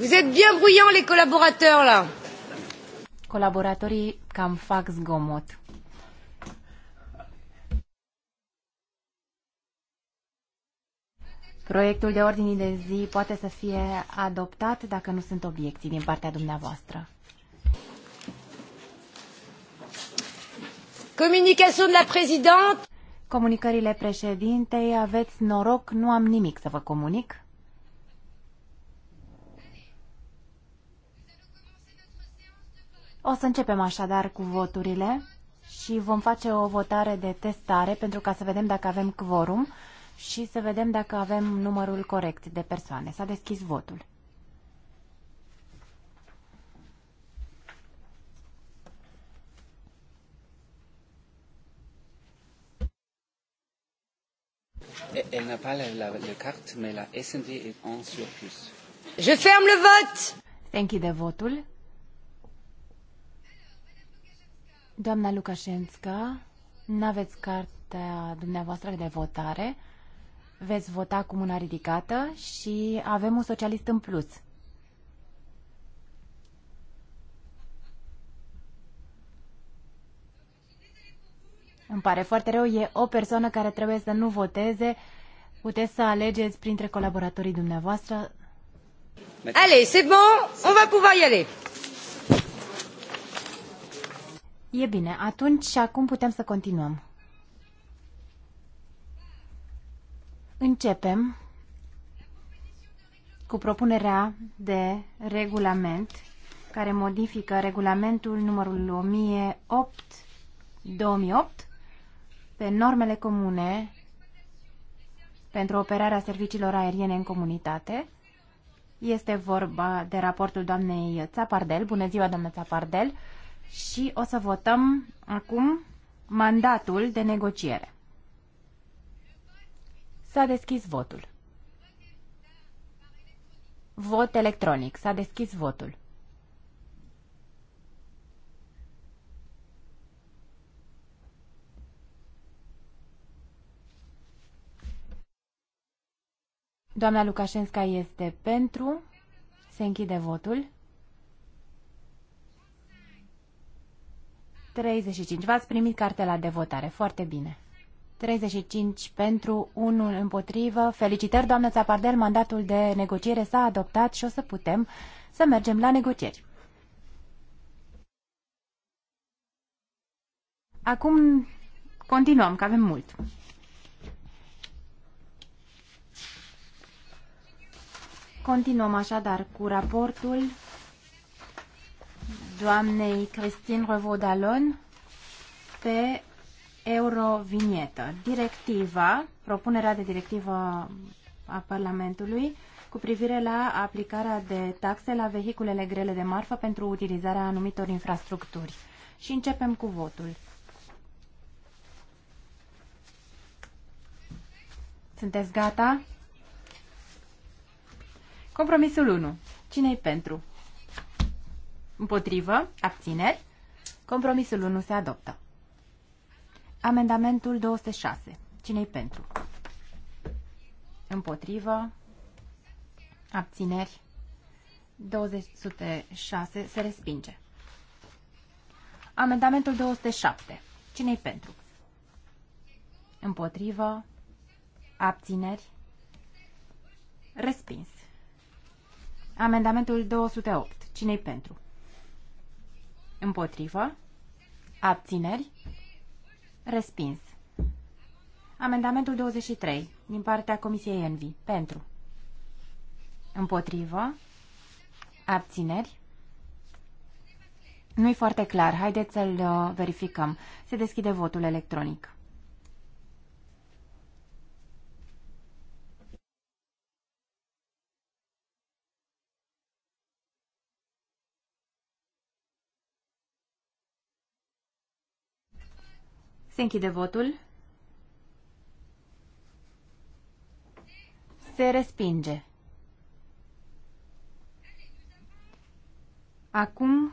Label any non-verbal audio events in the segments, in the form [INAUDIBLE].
Vous êtes bien bruyants, les collaborateurs, là. Colaboratorii cam fac zgomot. Proiectul de ordine de zi poate să fie adoptat dacă nu sunt obiecții din partea dumneavoastră. Communication de la președinte. Comunicările președintei, aveți noroc, nu am nimic să vă comunic. O să începem așadar cu voturile și vom face o votare de testare pentru ca să vedem dacă avem quorum și să vedem dacă avem numărul corect de persoane. S-a deschis votul. Elle n'a pas la, la, la carte, mais la SND est en surplus. Je ferme le vote! you de votul. Doamna Lukashenska, n-aveți cartea dumneavoastră de votare, veți vota cu mâna ridicată și avem un socialist în plus. Îmi pare foarte rău, e o persoană care trebuie să nu voteze. Puteți să alegeți printre colaboratorii dumneavoastră. Allez, c'est bon, on va pouvoir y aller. E bine, atunci și acum putem să continuăm. Începem cu propunerea de regulament care modifică regulamentul numărul 1008 2008 pe normele comune pentru operarea serviciilor aeriene în comunitate. Este vorba de raportul doamnei Țapardel. Bună ziua, doamnă Țapardel! și o să votăm acum mandatul de negociere. S-a deschis votul. Vot electronic. S-a deschis votul. Doamna Lucașenska este pentru. Se închide votul. 35. V-ați primit cartela de votare. Foarte bine. 35 pentru, 1 împotrivă. Felicitări, doamnă Țapardel, mandatul de negociere s-a adoptat și o să putem să mergem la negocieri. Acum continuăm, că avem mult. Continuăm așadar cu raportul doamnei Cristin Revodalon pe Eurovinietă. Directiva, propunerea de directivă a Parlamentului cu privire la aplicarea de taxe la vehiculele grele de marfă pentru utilizarea anumitor infrastructuri. Și începem cu votul. Sunteți gata? Compromisul 1. Cine-i pentru? Împotrivă. Abțineri. Compromisul 1 se adoptă. Amendamentul 206. Cine-i pentru? Împotrivă. Abțineri. 206 se respinge. Amendamentul 207. Cine-i pentru? Împotrivă. Abțineri. Respins. Amendamentul 208. Cine-i pentru? Împotrivă. Abțineri. Respins. Amendamentul 23 din partea Comisiei Envi. Pentru. Împotrivă. Abțineri. Nu-i foarte clar. Haideți să-l uh, verificăm. Se deschide votul electronic. Se închide votul. Se respinge. Acum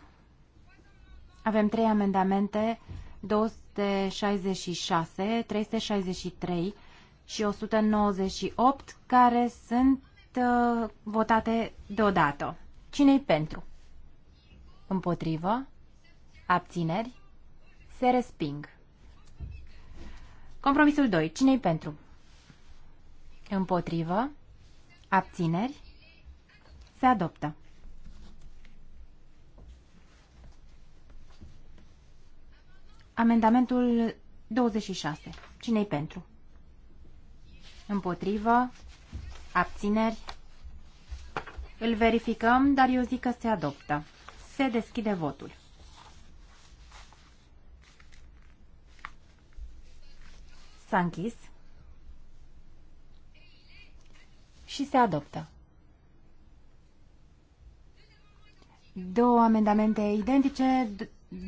avem trei amendamente, 266, 363 și 198, care sunt uh, votate deodată. Cine-i pentru? Împotrivă? Abțineri? Se resping. Compromisul 2. Cine-i pentru? Împotrivă. Abțineri. Se adoptă. Amendamentul 26. Cine-i pentru? Împotrivă. Abțineri. Îl verificăm, dar eu zic că se adoptă. Se deschide votul. S-a închis. Și se adoptă. Două amendamente identice,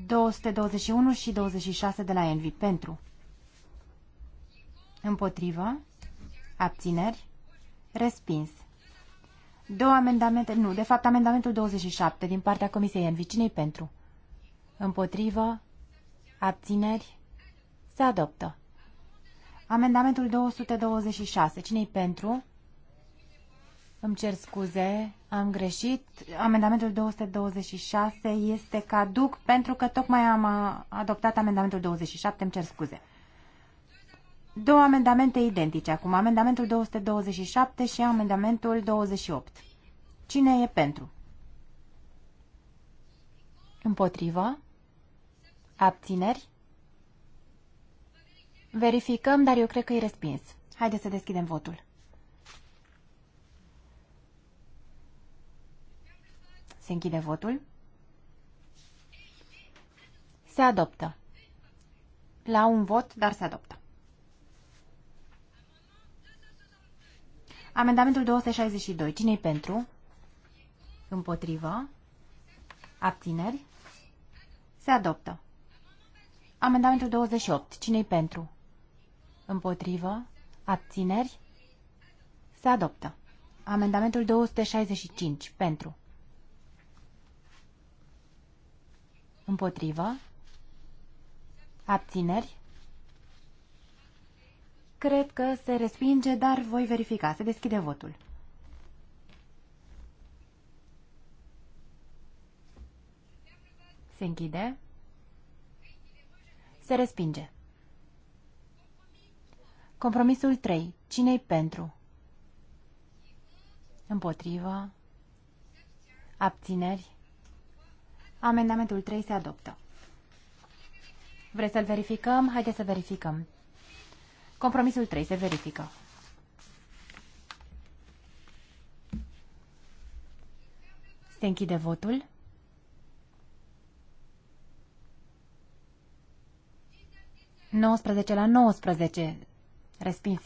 221 și 26 de la Envi. Pentru. Împotrivă. Abțineri. Respins. Două amendamente, nu, de fapt amendamentul 27 din partea Comisiei Envi. cine pentru? Împotrivă. Abțineri. Se adoptă. Amendamentul 226. cine e pentru? Îmi cer scuze, am greșit. Amendamentul 226 este caduc pentru că tocmai am uh, adoptat amendamentul 27. Îmi cer scuze. Două amendamente identice acum. Amendamentul 227 și amendamentul 28. Cine e pentru? Împotrivă? Abțineri? Verificăm, dar eu cred că e respins. Haideți să deschidem votul. Se închide votul. Se adoptă. La un vot, dar se adoptă. Amendamentul 262. Cine-i pentru? Împotrivă. Abțineri. Se adoptă. Amendamentul 28. Cine-i pentru? Împotrivă. Abțineri. Se adoptă. Amendamentul 265. Pentru. Împotrivă. Abțineri. Cred că se respinge, dar voi verifica. Se deschide votul. Se închide. Se respinge. Compromisul 3. Cine-i pentru? Împotrivă. Abțineri. Amendamentul 3 se adoptă. Vreți să-l verificăm? Haideți să verificăm. Compromisul 3 se verifică. Se închide votul. Nouăsprezece la nouăsprezece Respins.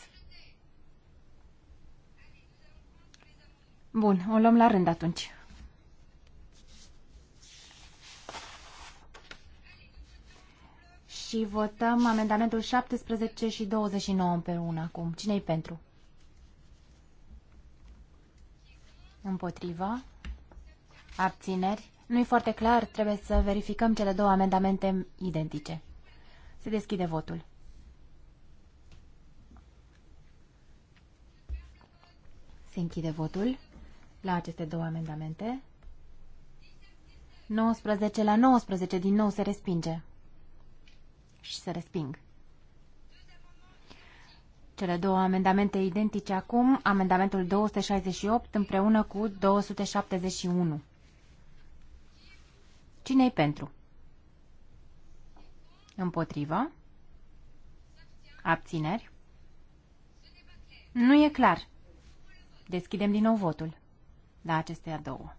Bun, o luăm la rând atunci. Și votăm amendamentul 17 și 29 împreună acum. Cine-i pentru? Împotriva. Abțineri. Nu-i foarte clar, trebuie să verificăm cele două amendamente identice. Se deschide votul. Se închide votul la aceste două amendamente. 19 la 19 din nou se respinge. Și se resping. Cele două amendamente identice acum, amendamentul 268 împreună cu 271. cine e pentru? împotriva Abțineri? Nu e clar. Deschidem din nou votul la da, acestea două.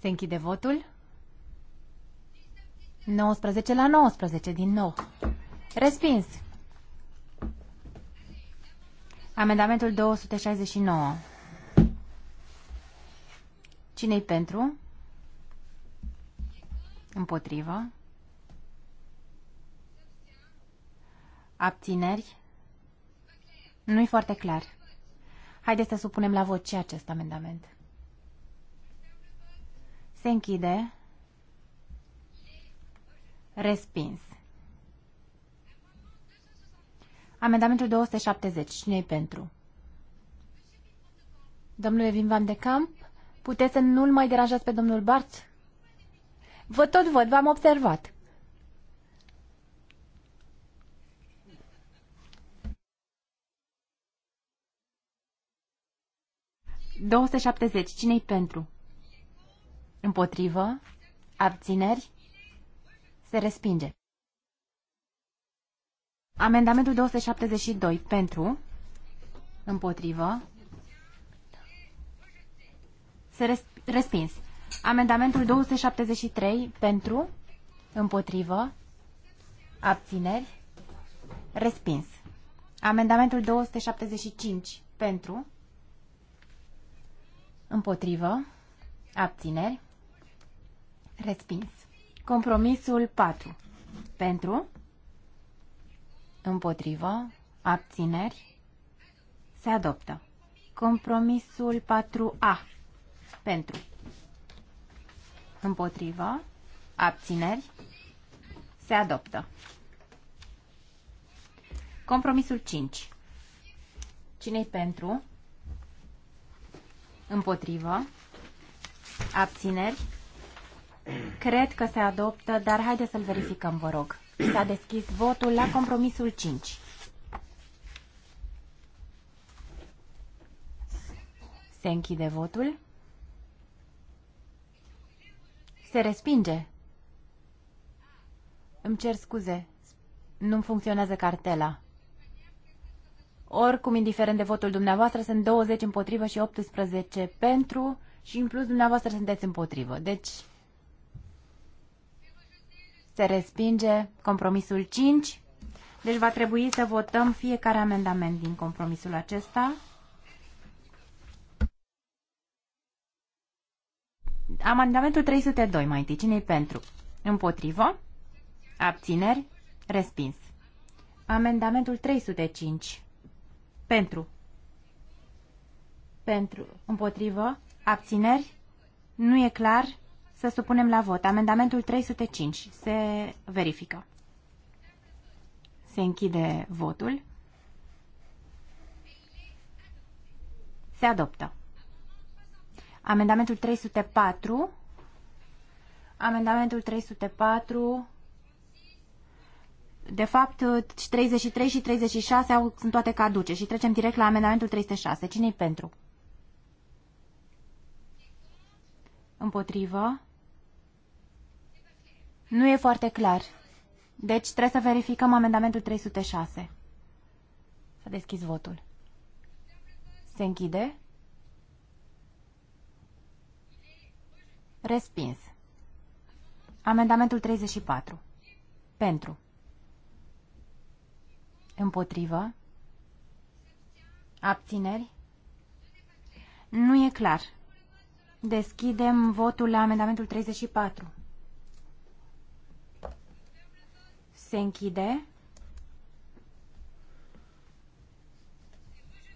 Se închide votul. 19 la 19 din nou. Respins. Amendamentul 269. Cine-i pentru? Împotrivă. Abțineri. Nu-i foarte clar. Haideți să supunem la vot și acest amendament. Se închide. Respins. Amendamentul 270. Cine-i pentru? Domnule Vin Van de Camp, puteți să nu-l mai deranjați pe domnul Bart? Vă tot văd, v-am observat. 270. Cine-i pentru? Împotrivă? Abțineri? Se respinge. Amendamentul 272. Pentru? Împotrivă? Se respins. Amendamentul 273. Pentru? Împotrivă? Abțineri? Respins. Amendamentul 275. Pentru? Împotrivă. Abțineri. Respins. Compromisul 4. Pentru. Împotrivă. Abțineri. Se adoptă. Compromisul 4A. Pentru. Împotrivă. Abțineri. Se adoptă. Compromisul 5. Cine-i pentru? Împotrivă. Abțineri. Cred că se adoptă, dar haideți să-l verificăm, vă rog. S-a deschis votul la compromisul 5. Se închide votul. Se respinge. Îmi cer scuze. Nu-mi funcționează cartela. Oricum, indiferent de votul dumneavoastră, sunt 20 împotrivă și 18 pentru și în plus dumneavoastră sunteți împotrivă. Deci se respinge compromisul 5. Deci va trebui să votăm fiecare amendament din compromisul acesta. Amendamentul 302 mai întâi. cine pentru? Împotrivă? Abțineri? Respins. Amendamentul 305. Pentru. Pentru. Împotrivă. Abțineri. Nu e clar. Să supunem la vot. Amendamentul 305. Se verifică. Se închide votul. Se adoptă. Amendamentul 304. Amendamentul 304 de fapt, 33 și 36 au, sunt toate caduce și trecem direct la amendamentul 306. Cine-i pentru? Împotrivă? Nu e foarte clar. Deci trebuie să verificăm amendamentul 306. Să deschis votul. Se închide. Respins. Amendamentul 34. Pentru. Împotrivă? Abțineri? Nu e clar. Deschidem votul la amendamentul 34. Se închide.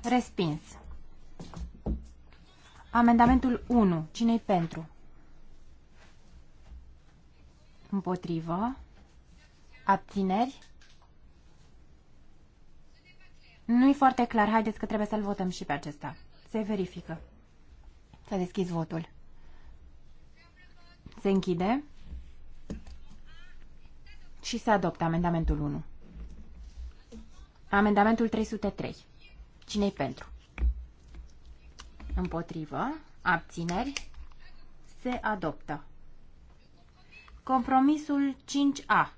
Respins. Amendamentul 1. Cine-i pentru? Împotrivă. Abțineri. Nu-i foarte clar. Haideți că trebuie să-l votăm și pe acesta. Se verifică. S-a deschis votul. Se închide. Și se adoptă amendamentul 1. Amendamentul 303. Cine-i pentru? Împotrivă. Abțineri. Se adoptă. Compromisul 5A.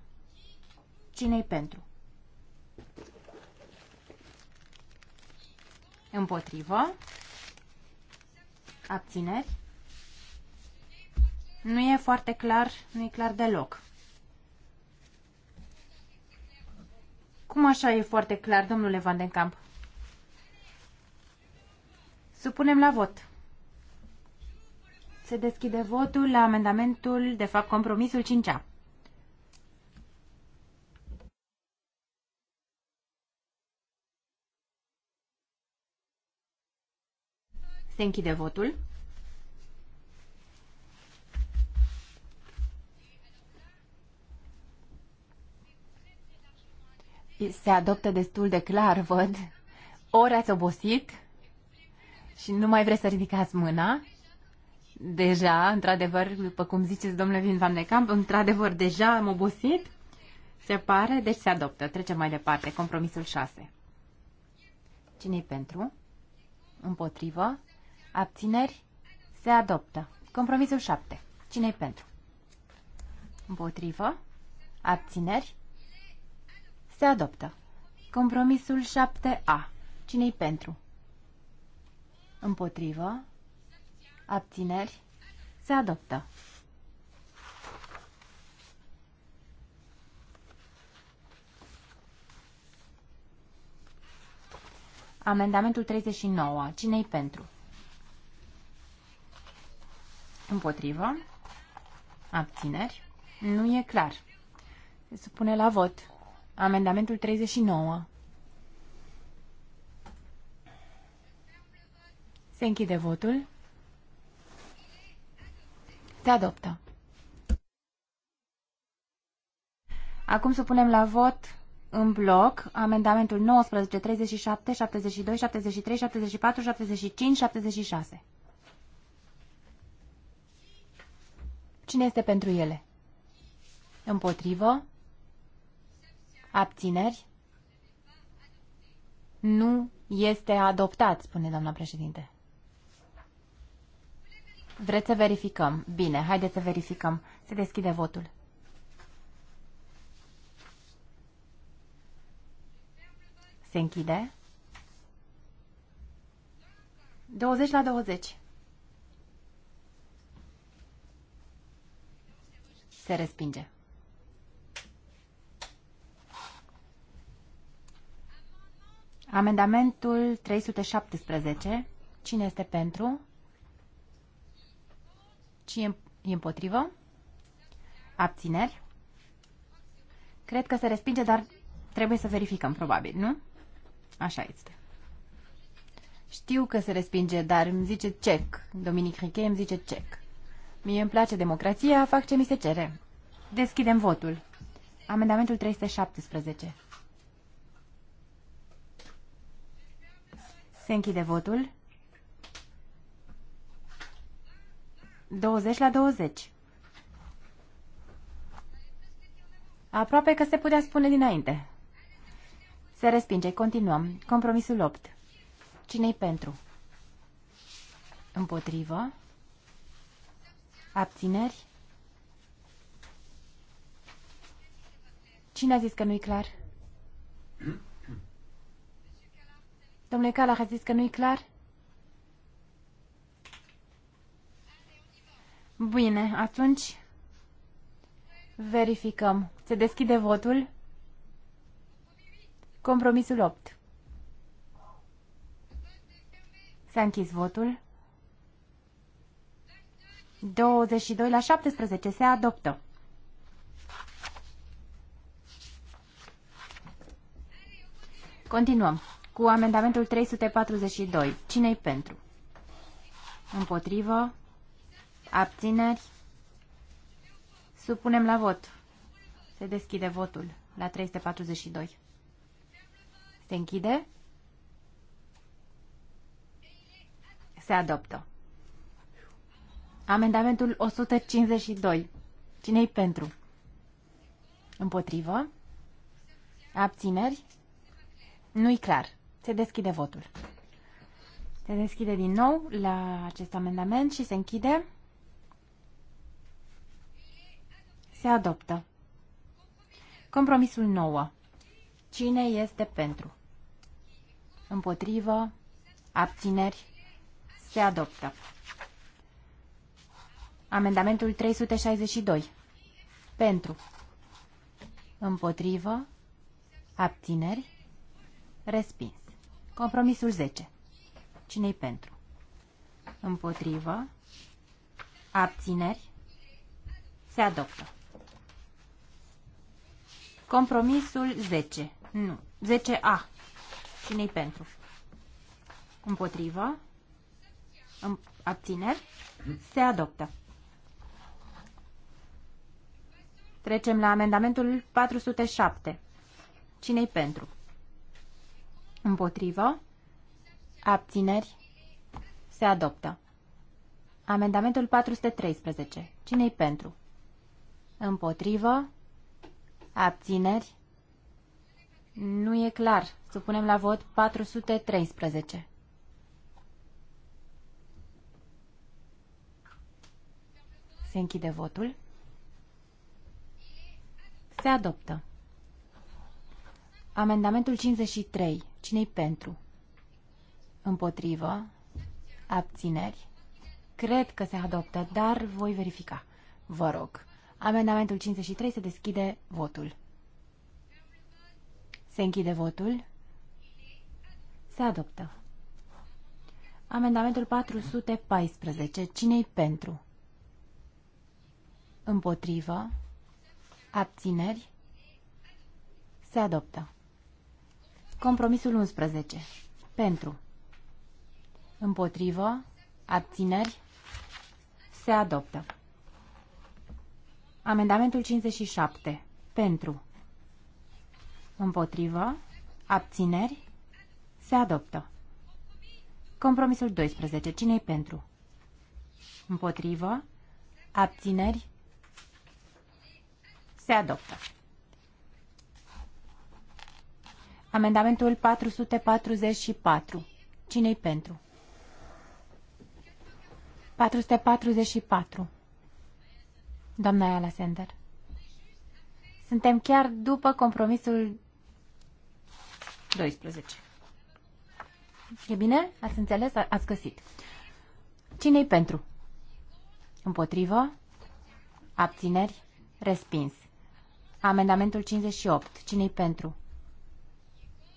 Cine-i pentru? Împotrivă. Abțineri. Nu e foarte clar, nu e clar deloc. Cum așa e foarte clar, domnule Van den Camp? Supunem la vot. Se deschide votul la amendamentul, de fapt, compromisul 5-a. Se închide votul. Se adoptă destul de clar, văd. Ori ați obosit și nu mai vreți să ridicați mâna. Deja, într-adevăr, după cum ziceți, domnule Vin Van de Camp, într-adevăr, deja am obosit. Se pare, deci se adoptă. Trecem mai departe. Compromisul 6. cine pentru? Împotrivă? Abțineri? Se adoptă. Compromisul 7. Cine-i pentru? Împotrivă? Abțineri? Se adoptă. Compromisul 7A. Cine-i pentru? Împotrivă? Abțineri? Se adoptă. Amendamentul 39. Cine-i pentru? Împotrivă. Abțineri. Nu e clar. Se supune la vot. Amendamentul 39. Se închide votul. Se adoptă. Acum să punem la vot în bloc amendamentul 19, 37, 72, 73, 74, 75, 76. Cine este pentru ele? Împotrivă? Abțineri? Nu este adoptat, spune doamna președinte. Vreți să verificăm? Bine, haideți să verificăm. Se deschide votul. Se închide. 20 la 20. Se respinge. Amendamentul 317. Cine este pentru? Cine e împotrivă? Abțineri? Cred că se respinge, dar trebuie să verificăm, probabil, nu? Așa este. Știu că se respinge, dar îmi zice check. Dominic Riquet îmi zice check. Mie îmi place democrația, fac ce mi se cere. Deschidem votul. Amendamentul 317. Se închide votul. 20 la 20. Aproape că se putea spune dinainte. Se respinge. Continuăm. Compromisul 8. Cine-i pentru? Împotrivă. Abțineri? Cine a zis că nu-i clar? Domnule Calah, a zis că nu-i clar? Bine, atunci verificăm. Se deschide votul. Compromisul 8. S-a închis votul. 22 la 17 se adoptă. Continuăm cu amendamentul 342. Cine-i pentru? Împotrivă? Abțineri? Supunem la vot. Se deschide votul la 342. Se închide? Se adoptă. Amendamentul 152. Cine-i pentru? Împotrivă? Abțineri? Nu-i clar. Se deschide votul. Se deschide din nou la acest amendament și se închide. Se adoptă. Compromisul 9. Cine este pentru? Împotrivă? Abțineri? Se adoptă. Amendamentul 362. Pentru. Împotrivă. Abțineri. Respins. Compromisul 10. Cine-i pentru? Împotrivă. Abțineri. Se adoptă. Compromisul 10. Nu. 10A. Cine-i pentru? Împotrivă. Abțineri. Se adoptă. Trecem la amendamentul 407. Cine-i pentru? Împotrivă? Abțineri? Se adoptă. Amendamentul 413. Cine-i pentru? Împotrivă? Abțineri? Nu e clar. Supunem la vot 413. Se închide votul. Se adoptă. Amendamentul 53. Cine-i pentru? Împotrivă. Abțineri. Cred că se adoptă, dar voi verifica. Vă rog. Amendamentul 53 se deschide votul. Se închide votul. Se adoptă. Amendamentul 414. Cine-i pentru? Împotrivă. Abțineri. Se adoptă. Compromisul 11. Pentru. Împotrivă. Abțineri. Se adoptă. Amendamentul 57. Pentru. Împotrivă. Abțineri. Se adoptă. Compromisul 12. Cine-i pentru? Împotrivă. Abțineri. Se adoptă. Amendamentul 444. Cine-i pentru? 444. Doamna Ayala Sender. Suntem chiar după compromisul 12. E bine? Ați înțeles? Ați găsit. Cine-i pentru? Împotrivă? Abțineri? Respins. Amendamentul 58. Cine-i pentru?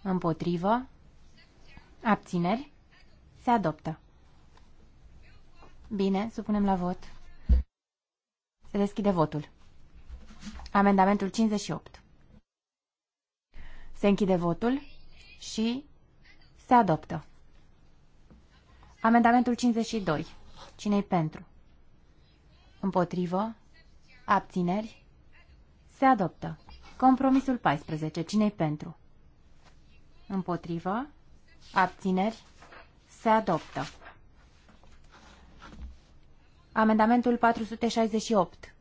Împotrivă? Abțineri? Se adoptă. Bine, supunem la vot. Se deschide votul. Amendamentul 58. Se închide votul și se adoptă. Amendamentul 52. Cine-i pentru? Împotrivă? Abțineri? Se adoptă. Compromisul 14. Cine-i pentru? Împotrivă. Abțineri. Se adoptă. Amendamentul 468.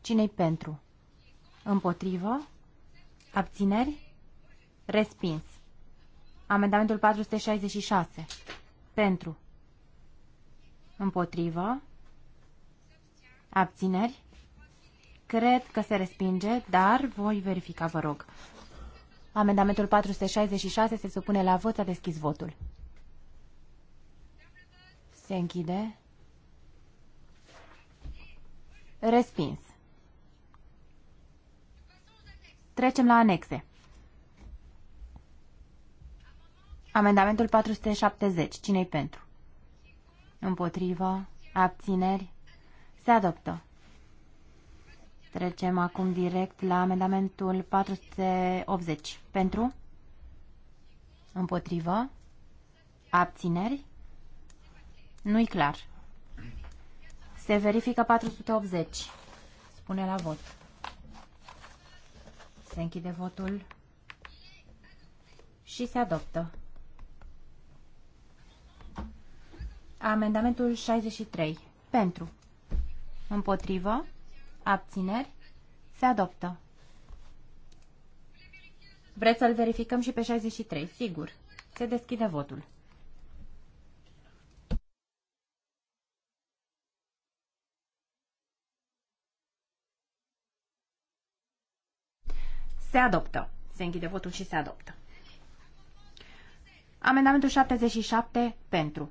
Cine-i pentru? Împotrivă. Abțineri. Respins. Amendamentul 466. Pentru. Împotrivă. Abțineri. Cred că se respinge, dar voi verifica, vă rog. Amendamentul 466 se supune la vot, a deschis votul. Se închide. Respins. Trecem la anexe. Amendamentul 470. Cine-i pentru? Împotrivă. Abțineri. Se adoptă. Trecem acum direct la amendamentul 480. Pentru? Împotrivă? Abțineri? Nu-i clar. Se verifică 480. Spune la vot. Se închide votul și se adoptă. Amendamentul 63. Pentru. Împotrivă. Abțineri? Se adoptă. Vreți să-l verificăm și pe 63? Sigur. Se deschide votul. Se adoptă. Se închide votul și se adoptă. Amendamentul 77 pentru.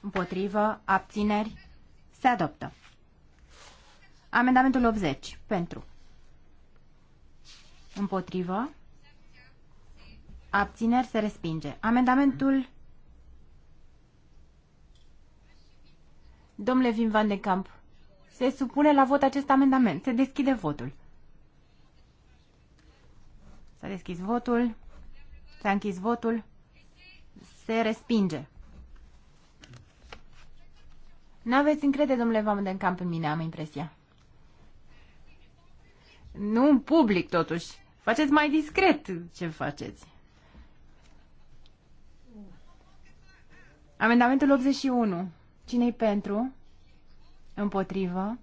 Împotrivă, abțineri, se adoptă. Amendamentul 80. Pentru. Împotrivă. Abțineri se respinge. Amendamentul... Domnule Vin Van de Camp, se supune la vot acest amendament. Se deschide votul. S-a deschis votul. S-a închis votul. Se respinge. N-aveți încredere, domnule camp în mine, am impresia. Nu în public, totuși. Faceți mai discret ce faceți. Amendamentul 81. Cine-i pentru? Împotrivă?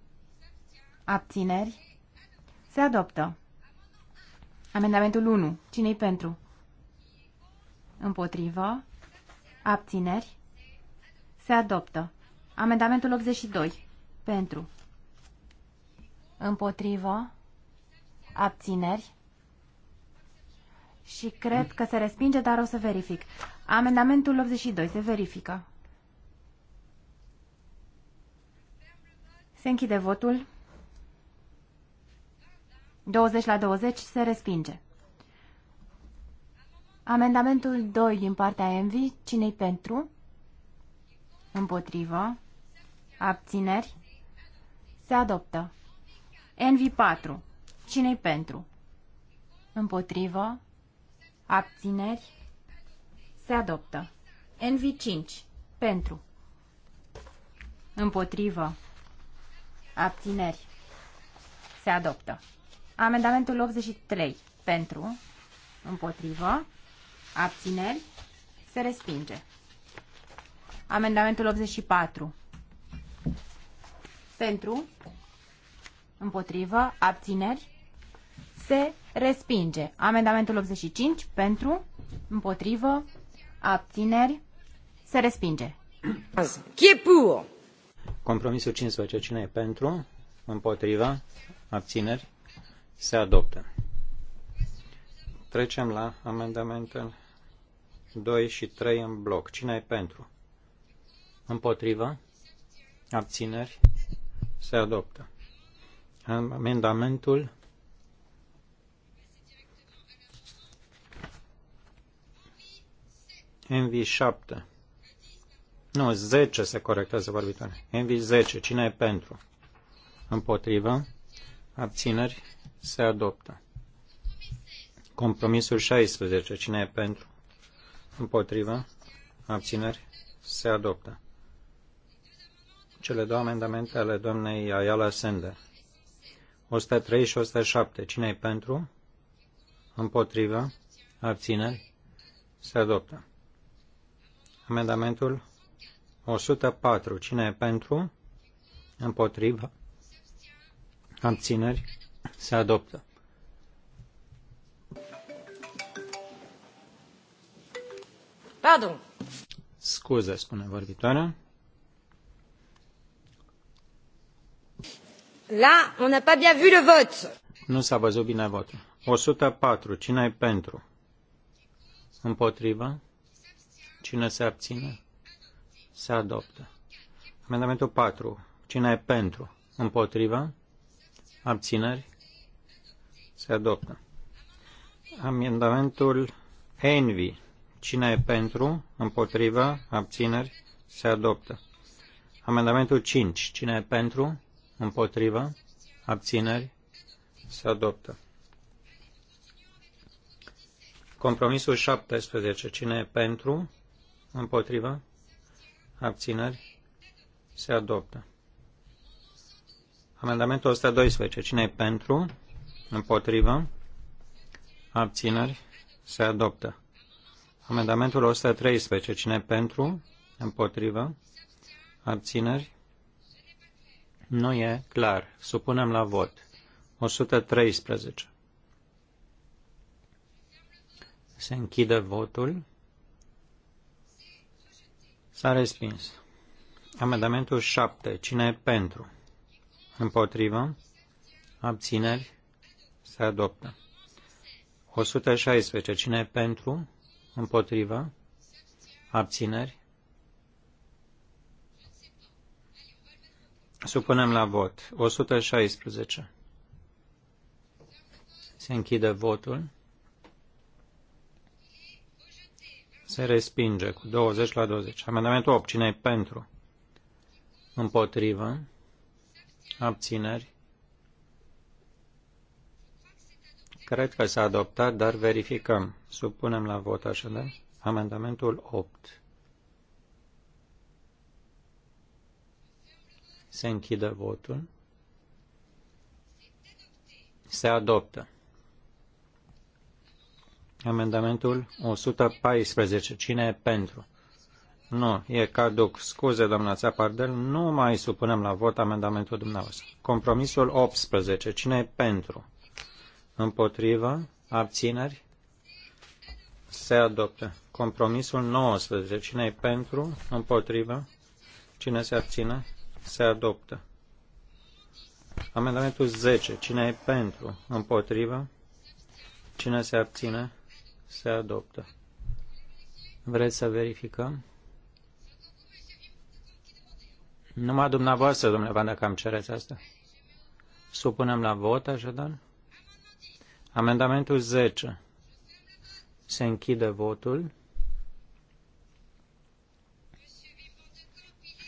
Abțineri? Se adoptă. Amendamentul 1. Cine-i pentru? Împotrivă? Abțineri? Se adoptă. Amendamentul 82. Pentru. Împotrivă. Abțineri. Și cred că se respinge, dar o să verific. Amendamentul 82. Se verifică. Se închide votul. 20 la 20 se respinge. Amendamentul 2 din partea Envi. Cine-i pentru? Împotrivă. Abțineri? Se adoptă. NV4. Cine-i pentru? Împotrivă? Abțineri? Se adoptă. NV5. Pentru. Împotrivă. Abțineri. Se adoptă. Amendamentul 83. Pentru. Împotrivă. Abțineri. Se respinge. Amendamentul 84 pentru, împotrivă, abțineri, se respinge. Amendamentul 85 pentru, împotrivă, abțineri, se respinge. Chiepur! Compromisul 15. Cine e pentru, împotriva, abțineri, se adoptă. Trecem la amendamentul 2 și 3 în bloc. Cine e pentru? Împotriva? Abțineri? Se adoptă. Amendamentul MV7. Nu, 10 se corectează vorbitoare. MV10. Cine e pentru? Împotrivă. Abțineri. Se adoptă. Compromisul 16. Cine e pentru? Împotrivă. Abțineri. Se adoptă cele două amendamente ale doamnei Ayala Sender. 103 și 107. Cine-i pentru? Împotrivă? Abțineri? Se adoptă. Amendamentul 104. Cine e pentru? Împotrivă? Abțineri? Se adoptă. Pardon. Scuze, spune vorbitoarea. Là, on n'a pas bien vu le vote. Nu s-a văzut bine votul. 104. Cine e pentru? Împotrivă? Cine se abține? Se adoptă. Amendamentul 4. Cine e pentru? Împotrivă? Abțineri? Se adoptă. Amendamentul Envy. Cine e pentru? Împotrivă? Abțineri? Se adoptă. Amendamentul 5. Cine e pentru? Împotrivă? Abțineri? Se adoptă. Compromisul 17. Cine e pentru? Împotrivă? Abțineri? Se adoptă. Amendamentul 112. Cine e pentru? Împotrivă? Abțineri? Se adoptă. Amendamentul 113. Cine e pentru? Împotrivă? Abțineri? Nu e clar. Supunem la vot. 113. Se închide votul. S-a respins. Amendamentul 7. Cine e pentru? Împotrivă? Abțineri? Se adoptă. 116. Cine e pentru? Împotrivă? Abțineri? Supunem la vot. 116. Se închide votul. Se respinge cu 20 la 20. Amendamentul 8. Cine e pentru? Împotrivă. Abțineri. Cred că s-a adoptat, dar verificăm. Supunem la vot așadar. Amendamentul 8. Se închide votul. Se adoptă. Amendamentul 114. Cine e pentru? Nu, e caduc. Scuze, doamna Țapardel, nu mai supunem la vot amendamentul dumneavoastră. Compromisul 18. Cine e pentru? Împotrivă? Abțineri? Se adoptă. Compromisul 19. Cine e pentru? Împotrivă? Cine se abține? Se adoptă. Amendamentul 10. Cine e pentru? Împotrivă? Cine se abține? Se adoptă. Vreți să verificăm? Numai dumneavoastră, domnule Vanda, cam cereți asta. Supunem la vot, așadar. Amendamentul 10. Se închide votul.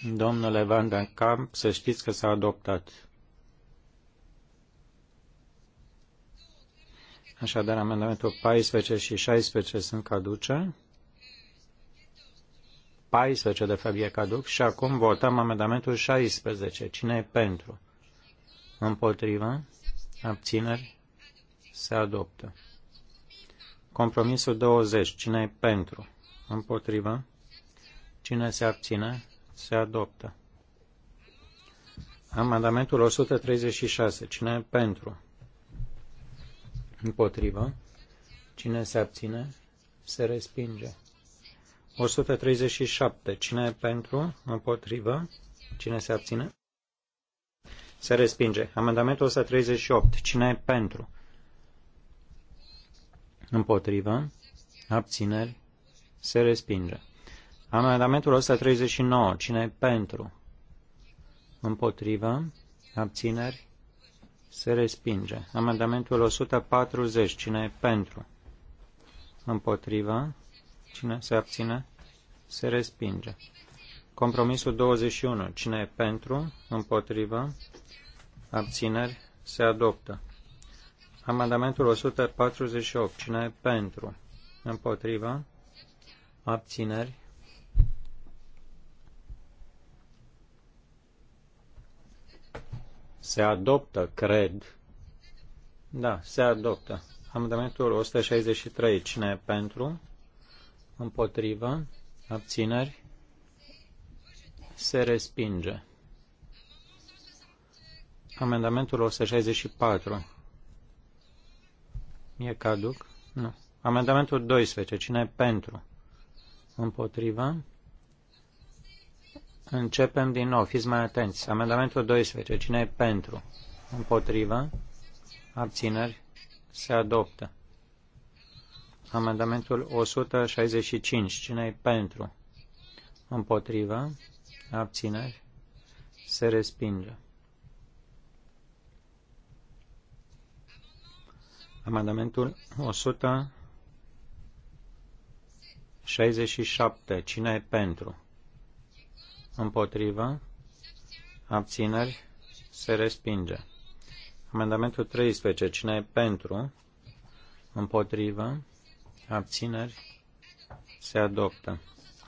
Domnule Van de Kamp, să știți că s-a adoptat. Așadar, amendamentul 14 și 16 sunt caduce. 14, de fapt, e caduc. Și acum votăm amendamentul 16. Cine e pentru? Împotrivă? Abțineri? Se adoptă. Compromisul 20. Cine e pentru? Împotrivă? Cine se abține? Se adoptă. Amendamentul 136. Cine pentru? Împotrivă. Cine se abține? Se respinge. 137. Cine pentru? Împotrivă. Cine se abține? Se respinge. Amendamentul 138. Cine e pentru? Împotrivă. Abțineri. Se respinge. Amendamentul 139. Cine e pentru? Împotrivă. Abțineri. Se respinge. Amendamentul 140. Cine e pentru? Împotrivă. Cine se abține? Se respinge. Compromisul 21. Cine e pentru? Împotrivă. Abțineri. Se adoptă. Amendamentul 148. Cine e pentru? Împotrivă. Abțineri. Se adoptă, cred. Da, se adoptă. Amendamentul 163. Cine pentru? Împotrivă? Abțineri? Se respinge. Amendamentul 164. E caduc? Nu. Amendamentul 12. Cine pentru? Împotrivă? Începem din nou. Fiți mai atenți. Amendamentul 12. Cine e pentru? Împotrivă? Abțineri? Se adoptă. Amendamentul 165. Cine e pentru? Împotrivă? Abțineri? Se respinge. Amendamentul 167. Cine e pentru? Împotrivă. Abțineri. Se respinge. Amendamentul 13. Cine e pentru? Împotrivă. Abțineri. Se adoptă.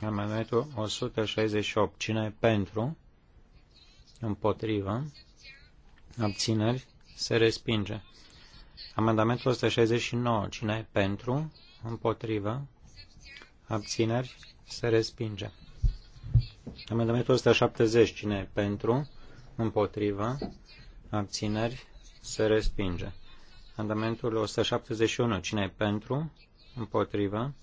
Amendamentul 168. Cine e pentru? Împotrivă. Abțineri. Se respinge. Amendamentul 169. Cine e pentru? Împotrivă. Abțineri. Se respinge. Amendamentul 170. Cine e pentru? Împotrivă. Abțineri. Se respinge. Amendamentul 171. Cine e pentru? Împotrivă.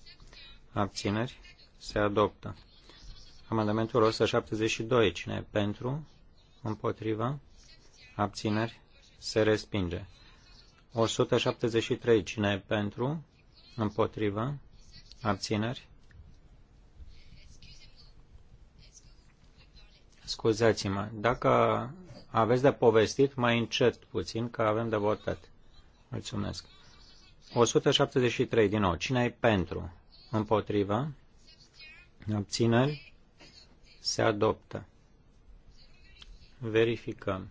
Abțineri. Se adoptă. Amendamentul 172. Cine e pentru? Împotrivă. Abțineri. Se respinge. 173. Cine e pentru? Împotrivă. Abțineri. Scuzați-mă, dacă aveți de povestit, mai încet puțin, că avem de votat. Mulțumesc. 173 din nou. Cine e pentru? Împotrivă? Abțineri? Se adoptă. Verificăm.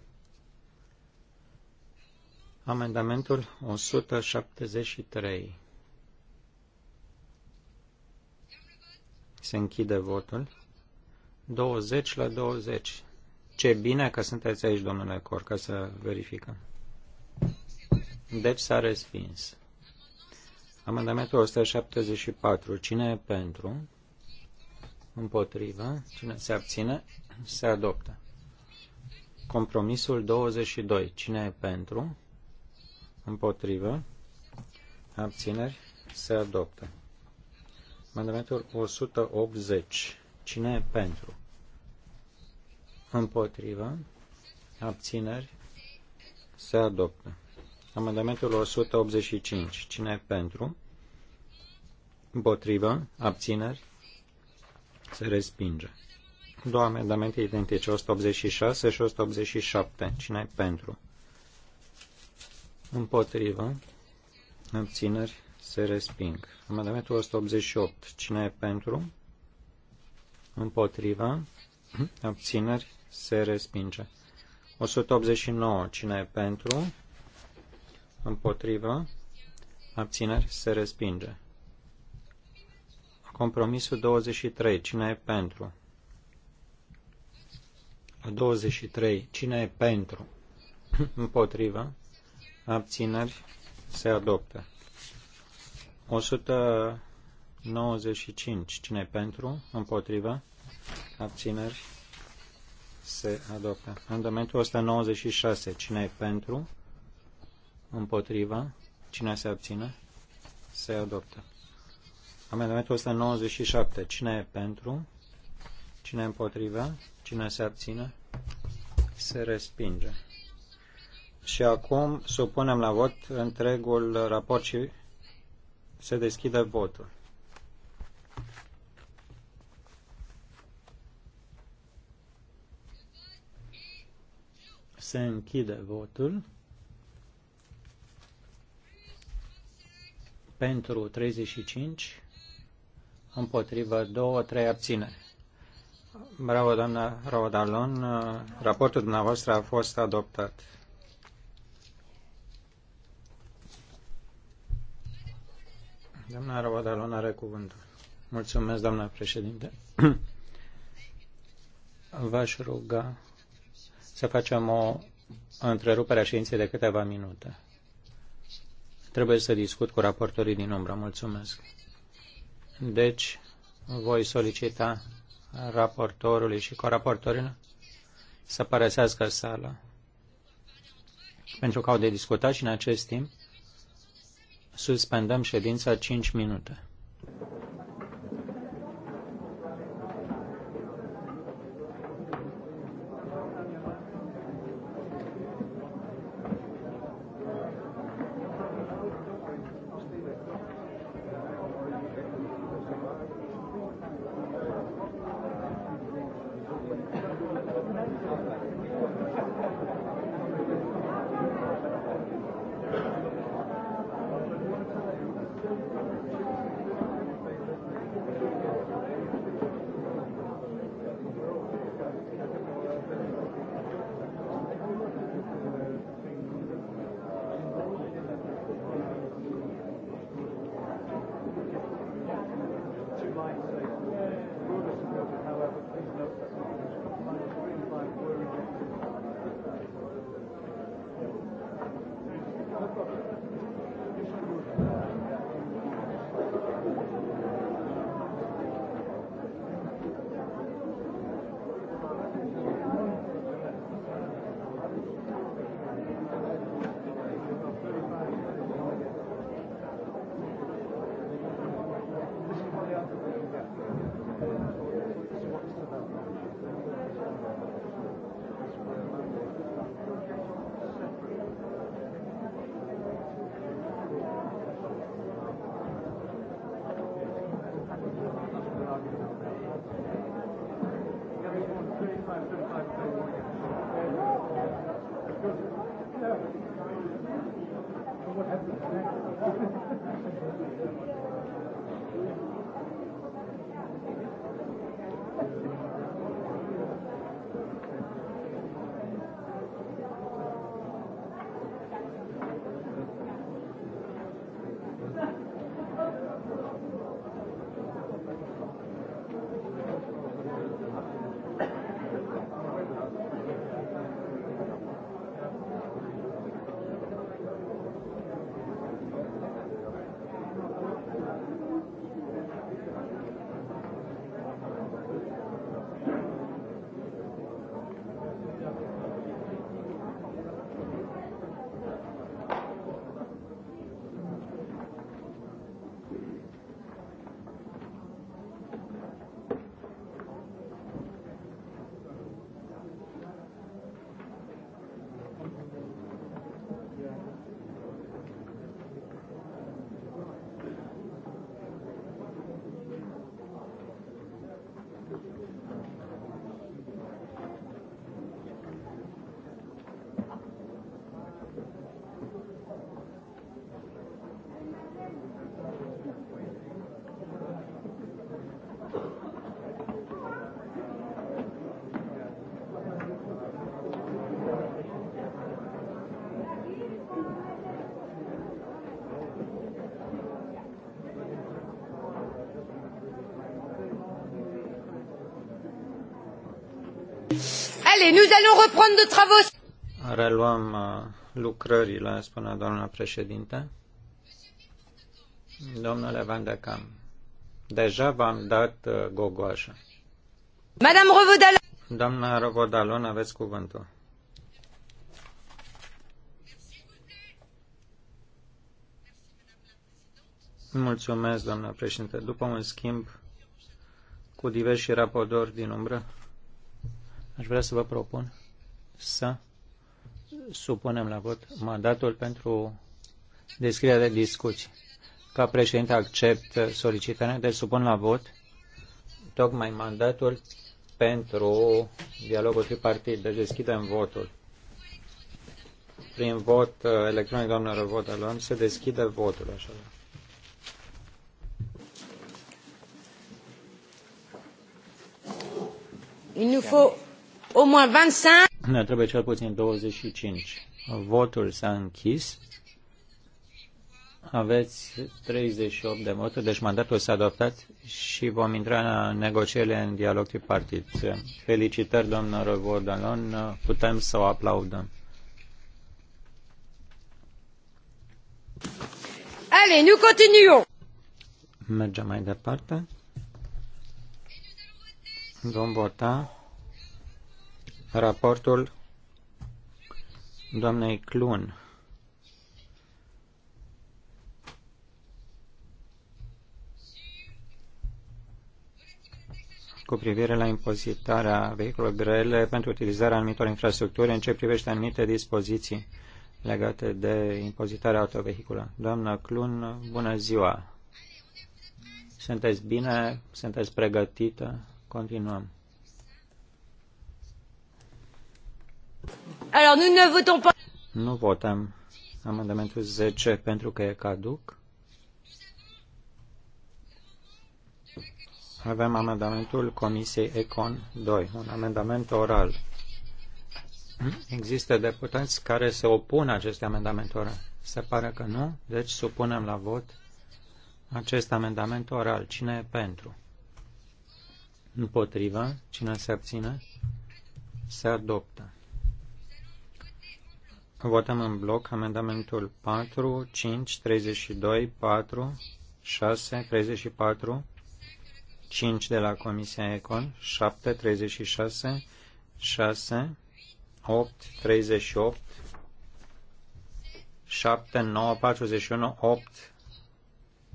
Amendamentul 173. Se închide votul. 20 la 20. Ce bine că sunteți aici, domnule ca să verificăm. Deci s-a respins. Amendamentul 174. Cine e pentru? Împotrivă. Cine se abține? Se adoptă. Compromisul 22. Cine e pentru? Împotrivă. Abțineri? Se adoptă. Amendamentul 180. Cine e pentru? Împotrivă. Abțineri. Se adoptă. Amendamentul 185. Cine e pentru? Împotrivă. Abțineri. Se respinge. Două amendamente identice, 186 și 187. Cine e pentru? Împotrivă. Abțineri. Se resping. Amendamentul 188. Cine e pentru? împotriva, abțineri, se respinge. 189. Cine e pentru, împotriva, abțineri, se respinge. Compromisul 23. Cine e pentru? 23. Cine e pentru? Împotriva. Abțineri. Se adoptă. 100. 95. Cine pentru? Împotriva? Abțineri? Se adoptă. Amendamentul 196. Cine e pentru? Împotriva? Cine se abține? Se adoptă. Amendamentul 197. Cine e pentru? Cine împotriva? Cine se abține? Se respinge. Și acum supunem la vot întregul raport și se deschide votul. Se închide votul. Pentru 35, împotrivă 2, 3 abțineri. Bravo, doamna Raudalon. Raportul dumneavoastră a fost adoptat. Doamna Raudalon are cuvântul. Mulțumesc, doamna președinte. [CLEARS THROAT] V-aș ruga să facem o întrerupere a ședinței de câteva minute. Trebuie să discut cu raportorii din umbră. Mulțumesc. Deci, voi solicita raportorului și coraportorilor să părăsească sala. Pentru că au de discutat și în acest timp suspendăm ședința 5 minute. Allez, nous allons reprendre nos travaux. Reluăm uh, lucrările, spune doamna președinte. Domnule Van de Cam, deja v-am dat uh, gogoașa. Madame Revodalon. Doamna Revodalon, aveți cuvântul. Mulțumesc, doamna președinte. După un schimb cu diversi rapodori din umbră, Aș vrea să vă propun să supunem la vot mandatul pentru descrierea de discuții. Ca președinte accept solicitarea, de supun la vot tocmai mandatul pentru dialogul tripartit. Deci deschidem votul. Prin vot uh, electronic, doamnelor votelor, se deschide votul așa. Il nous faut au moins 25. Ne trebuie cel puțin 25. Votul s-a închis. Aveți 38 de voturi, deci mandatul s-a adoptat și vom intra în negocierile în dialog tripartit. Felicitări, domnul Revodalon, putem să o aplaudăm. Allez, nous continuons. Mergem mai departe. Vom vota raportul doamnei Clun. cu privire la impozitarea vehiculor grele pentru utilizarea anumitor infrastructuri în ce privește anumite dispoziții legate de impozitarea autovehicula. Doamna Clun, bună ziua! Sunteți bine? Sunteți pregătită? Continuăm. Alors, nous ne votons pas... Nu votăm amendamentul 10 pentru că e caduc. Avem amendamentul Comisiei Econ 2, un amendament oral. Există deputați care se opun acest amendament oral. Se pare că nu, deci supunem la vot acest amendament oral. Cine e pentru? Împotrivă? Cine se abține? Se adoptă. Votăm în bloc amendamentul 4, 5, 32, 4, 6, 34, 5 de la Comisia Econ, 7, 36, 6, 8, 38, 7, 9, 41, 8,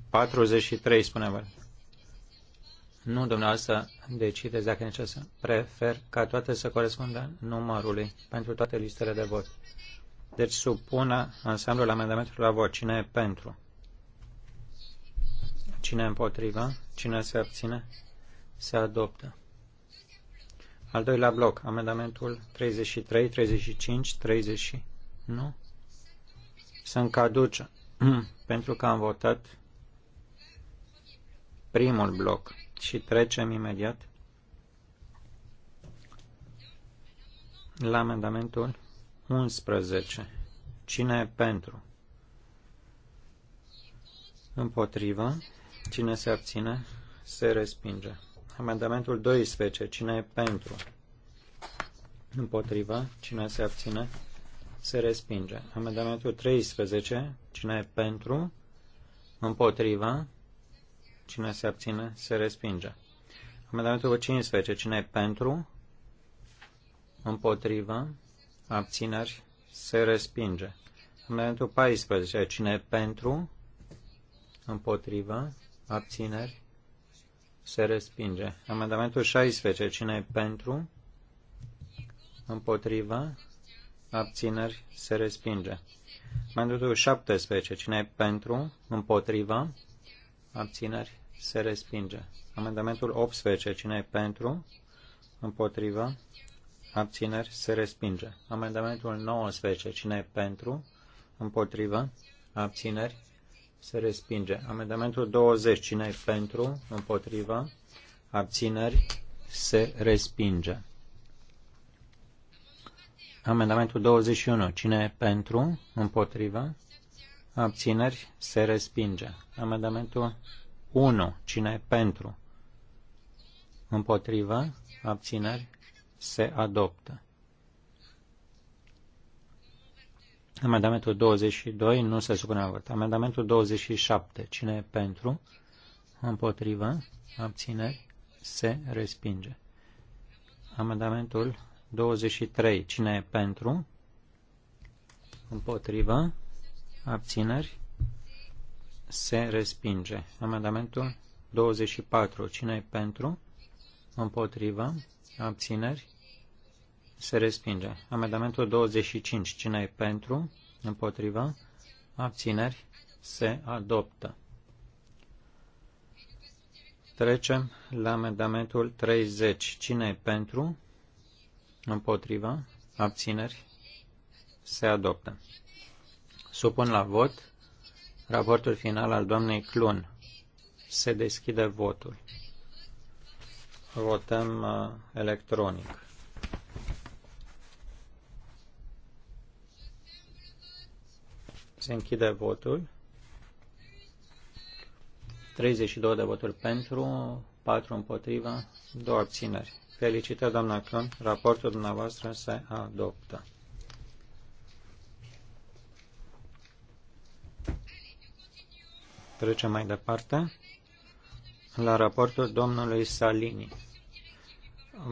43, spune vă. Nu, dumneavoastră, decideți dacă necesar. Prefer ca toate să corespundă numărului pentru toate listele de vot. Deci supun ansamblul amendamentului la vot. Cine e pentru? Cine e împotriva? Cine se abține? Se adoptă. Al doilea bloc, amendamentul 33, 35, 30, nu? Sunt caduce, [CLEARS THROAT] pentru că am votat primul bloc și trecem imediat la amendamentul 11. Cine e pentru? Împotrivă. Cine se abține? Se respinge. Amendamentul 12. Cine e pentru? Împotrivă. Cine se abține? Se respinge. Amendamentul 13. Cine e pentru? Împotrivă. Cine se abține? Se respinge. Amendamentul 15. Cine e pentru? Împotrivă abțineri, se respinge. Amendamentul 14. Cine pentru, împotrivă, abțineri, se respinge. Amendamentul 16. Cine pentru, împotrivă, abțineri, se respinge. Amendamentul 17. Cine pentru, împotrivă, abțineri, se respinge. Amendamentul 18. Cine pentru, împotrivă, abțineri, se respinge. Amendamentul 19, cine e pentru, împotrivă, abțineri, se respinge. Amendamentul 20, cine e pentru, împotrivă, abțineri, se respinge. Amendamentul 21. Cine e pentru? Împotrivă? Abțineri? Se respinge. Amendamentul 1. Cine e pentru? Împotrivă? Abțineri? se adoptă. Amendamentul 22 nu se supune la vot. Amendamentul 27. Cine e pentru? Împotrivă? Abțineri? Se respinge. Amendamentul 23. Cine e pentru? Împotrivă? Abțineri? Se respinge. Amendamentul 24. Cine e pentru? Împotrivă? Abțineri? Se respinge. Amendamentul 25. Cine e pentru? Împotrivă? Abțineri? Se adoptă. Trecem la amendamentul 30. Cine e pentru? Împotrivă? Abțineri? Se adoptă. Supun la vot raportul final al doamnei Clun. Se deschide votul. Votăm uh, electronic. Se închide votul. 32 de voturi pentru, 4 împotriva, 2 abțineri. Felicitări, doamna Clon. Raportul dumneavoastră se adoptă. Trecem mai departe la raportul domnului Salini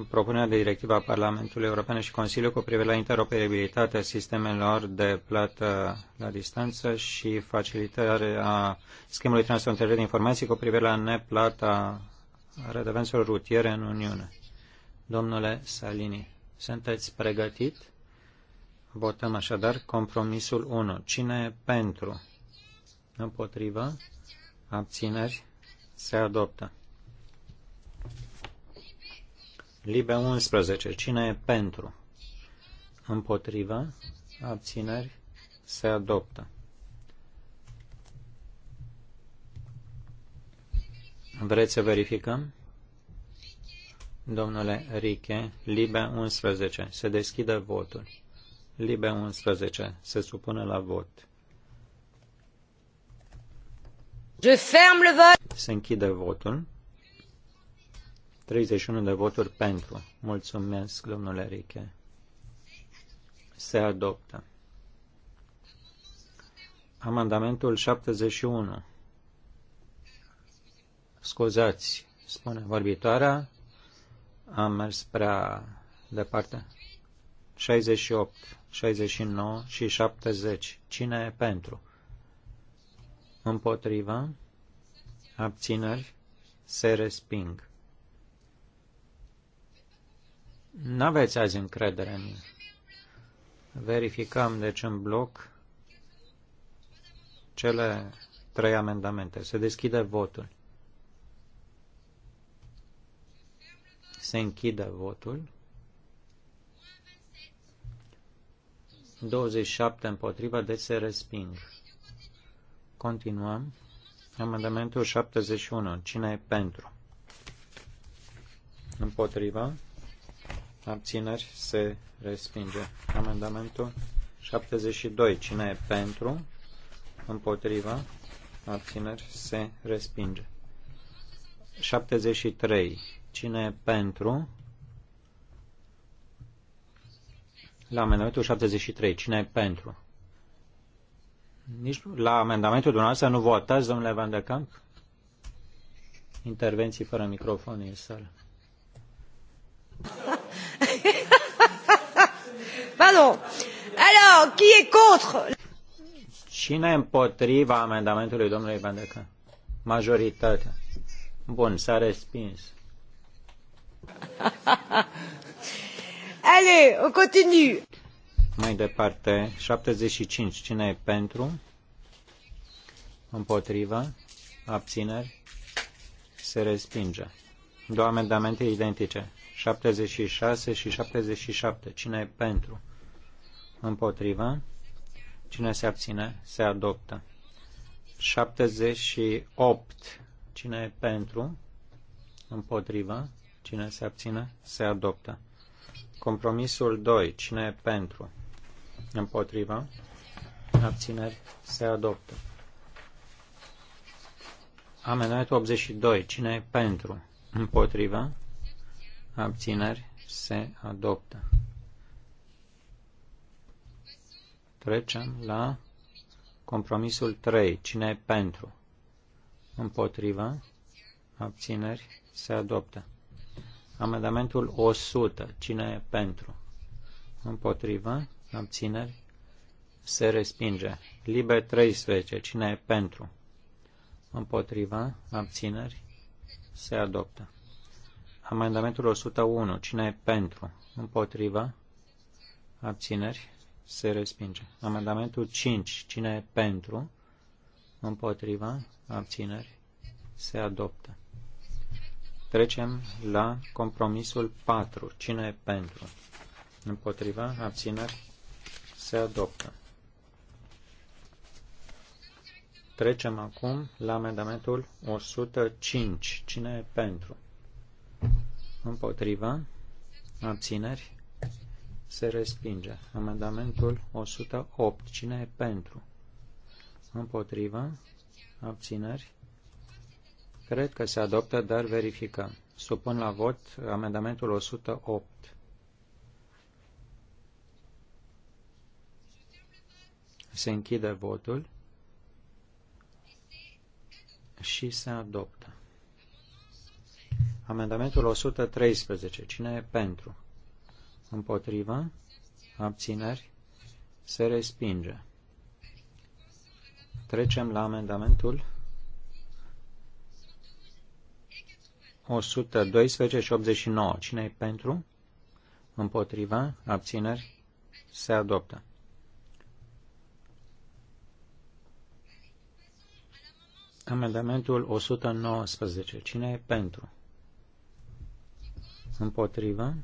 propunerea de directivă a Parlamentului European și Consiliului cu privire la interoperabilitatea sistemelor de plată la distanță și facilitarea schimbului transfrontalier de informații cu privire la neplata redevențelor rutiere în Uniune. Domnule Salini, sunteți pregătit? Votăm așadar compromisul 1. Cine e pentru? Împotrivă? Abțineri? Se adoptă. Libe 11. Cine e pentru? Împotriva? Abțineri? Se adoptă. Vreți să verificăm? Domnule Riche, Libe 11. Se deschide votul. Libe 11. Se supune la vot. Je ferme le vot. Se închide votul. 31 de voturi pentru. Mulțumesc, domnule Riche. Se adoptă. Amendamentul 71. Scuzați, spune vorbitoarea. Am mers prea departe. 68, 69 și 70. Cine e pentru? Împotriva? Abțineri? Se resping. Nu aveți azi încredere în Verificăm, deci, în bloc cele trei amendamente. Se deschide votul. Se închide votul. 27 împotriva, deci se resping. Continuăm. Amendamentul 71. Cine e pentru? Împotriva abțineri se respinge. Amendamentul 72. Cine e pentru? Împotriva? Abțineri se respinge. 73. Cine e pentru? La amendamentul 73. Cine e pentru? Nici la amendamentul dumneavoastră nu votați, domnule Van de Camp? Intervenții fără microfon în sală. [LAUGHS] pardon. Alors, qui est contre? Cine împotriva amendamentului domnului Bandeca? Majoritatea. Bun, s-a respins. [LAUGHS] Allez, on continue. Mai departe, 75. Cine e pentru? Împotriva? Abțineri? Se respinge. Două amendamente identice. 76 și 77. Cine e pentru? Împotriva. Cine se abține, se adoptă. 78. Cine e pentru? Împotriva. Cine se abține, se adoptă. Compromisul 2. Cine e pentru? Împotriva. Abțineri, se adoptă. Amendamentul 82. Cine e pentru? Împotriva? Abțineri? Se adoptă. Trecem la compromisul 3. Cine e pentru? Împotriva? Abțineri? Se adoptă. Amendamentul 100. Cine e pentru? Împotriva? Abțineri? Se respinge. Liber 13. Cine e pentru? Împotriva? Abțineri? Se adoptă. Amendamentul 101. Cine e pentru? Împotriva? Abțineri? se respinge. Amendamentul 5, cine e pentru, împotriva, abțineri, se adoptă. Trecem la compromisul 4, cine e pentru, împotriva, abțineri, se adoptă. Trecem acum la amendamentul 105. Cine e pentru? Împotriva? Abțineri? Se respinge. Amendamentul 108. Cine e pentru? Împotrivă? Abțineri? Cred că se adoptă, dar verificăm. Supun la vot amendamentul 108. Se închide votul și se adoptă. Amendamentul 113. Cine e pentru? împotrivă, abțineri, se respinge. Trecem la amendamentul 112 și 89. Cine e pentru? Împotriva? Abțineri? Se adoptă. Amendamentul 119. Cine e pentru? Împotriva?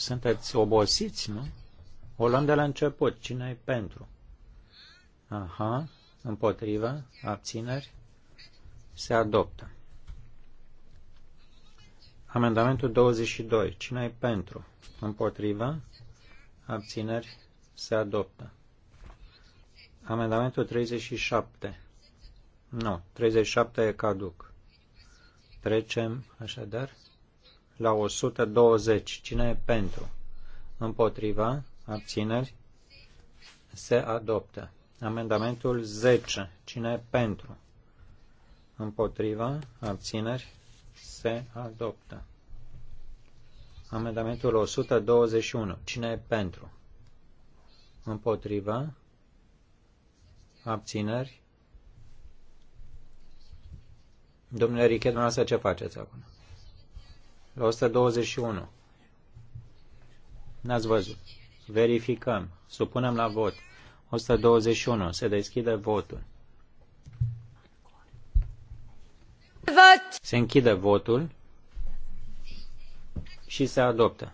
Sunteți obosiți, nu? O luăm de la început. Cine e pentru? Aha. Împotrivă. Abțineri. Se adoptă. Amendamentul 22. Cine e pentru? Împotrivă. Abțineri. Se adoptă. Amendamentul 37. Nu. 37 e caduc. Trecem așadar la 120. Cine e pentru? Împotriva? Abțineri? Se adoptă. Amendamentul 10. Cine e pentru? Împotriva? Abțineri? Se adoptă. Amendamentul 121. Cine e pentru? Împotriva? Abțineri? Domnule Richet, dumneavoastră ce faceți acum? La 121. N-ați văzut. Verificăm. Supunem la vot. 121. Se deschide votul. Vot. Se închide votul și se adoptă.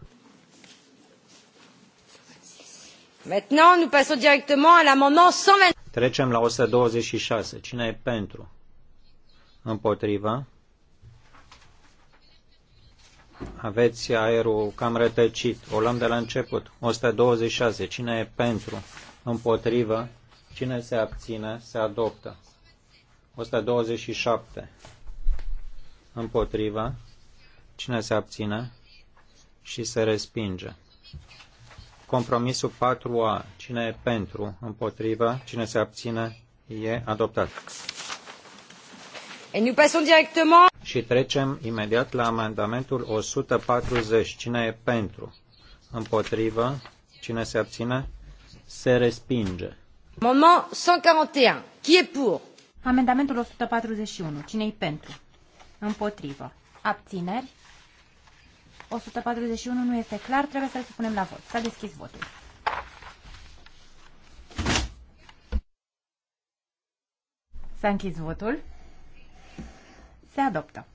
Maintenant, nous passons directement à l'amendement 120. Trecem la 126. Cine e pentru? Împotriva? Aveți aerul cam rătăcit. O luăm de la început. 126. Cine e pentru? Împotrivă? Cine se abține? Se adoptă. 127. Împotrivă? Cine se abține? Și se respinge. Compromisul 4A. Cine e pentru? Împotrivă? Cine se abține? E adoptat. Et nous passons directement și trecem imediat la amendamentul 140. Cine e pentru? Împotrivă? Cine se abține? Se respinge. Moment 141. Qui est pour? Amendamentul 141. cine e pentru? Împotrivă. Abțineri? 141 nu este clar, trebuie să-l supunem la vot. S-a deschis votul. S-a închis votul. Se adoptă.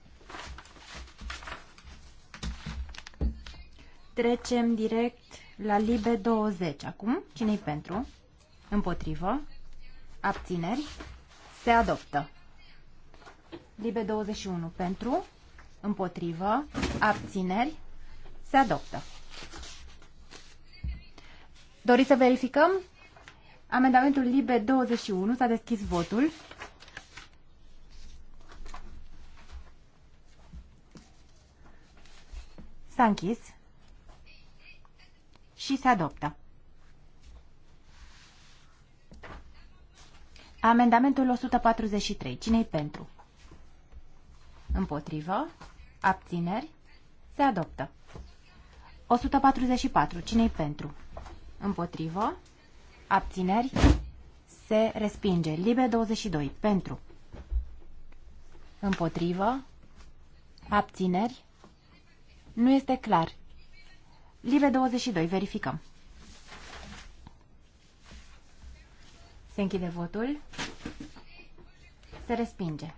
Trecem direct la Libe 20. Acum, cine-i pentru? Împotrivă. Abțineri. Se adoptă. Libe 21. Pentru. Împotrivă. Abțineri. Se adoptă. Doriți să verificăm? Amendamentul Libe 21. S-a deschis votul. S-a închis și se adoptă. Amendamentul 143. Cine-i pentru? Împotrivă. Abțineri. Se adoptă. 144. Cine-i pentru? Împotrivă. Abțineri. Se respinge. Libe 22. Pentru. Împotrivă. Abțineri. Nu este clar. Live 22, verificăm. Se închide votul. Se respinge.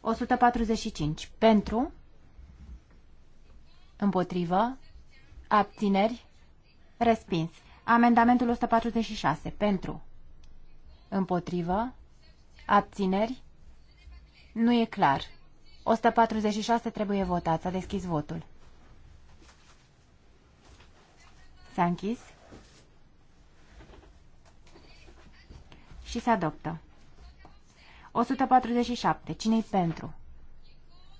145. Pentru. Împotrivă. Abțineri. Respins. Amendamentul 146. Pentru. Împotrivă. Abțineri. Nu e clar. 146 trebuie votat. S-a deschis votul. S-a închis. Și se adoptă. 147. Cine-i pentru?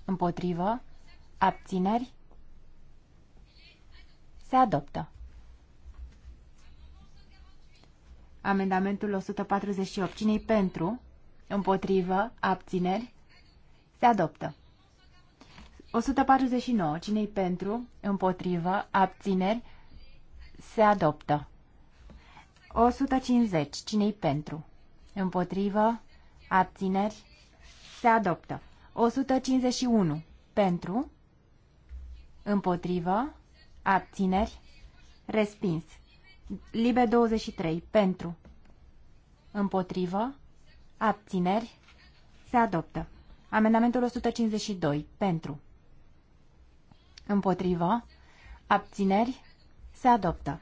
Împotrivă? Abțineri? Se adoptă. Amendamentul 148. Cine-i pentru? Împotrivă? Abțineri? Se adoptă. 149. Cine-i pentru? Împotrivă. Abțineri. Se adoptă. 150. Cine-i pentru? Împotrivă. Abțineri. Se adoptă. 151. Pentru. Împotrivă. Abțineri. Respins. Libe 23. Pentru. Împotrivă. Abțineri. Se adoptă. Amendamentul 152. Pentru. Împotrivă. Abțineri. Se adoptă.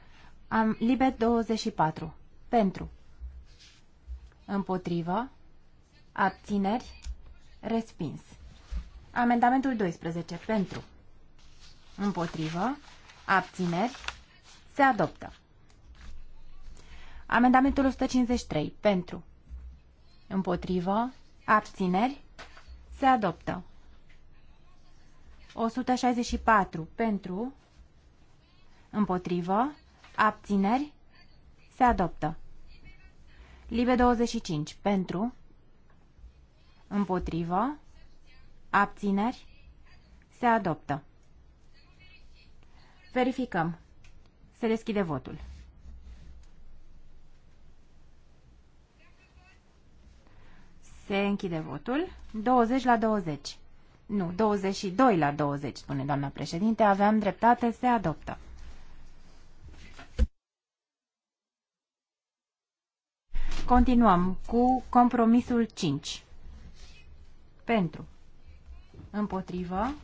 Am, libe 24. Pentru. Împotrivă. Abțineri. Respins. Amendamentul 12. Pentru. Împotrivă. Abțineri. Se adoptă. Amendamentul 153. Pentru. Împotrivă. Abțineri. Se adoptă. 164 pentru, împotrivă, abțineri, se adoptă. Libe 25 pentru, împotrivă, abțineri, se adoptă. Verificăm. Se deschide votul. Se închide votul. 20 la 20. Nu, 22 la 20, spune doamna președinte. Aveam dreptate, se adoptă. Continuăm cu compromisul 5. Pentru. Împotrivă.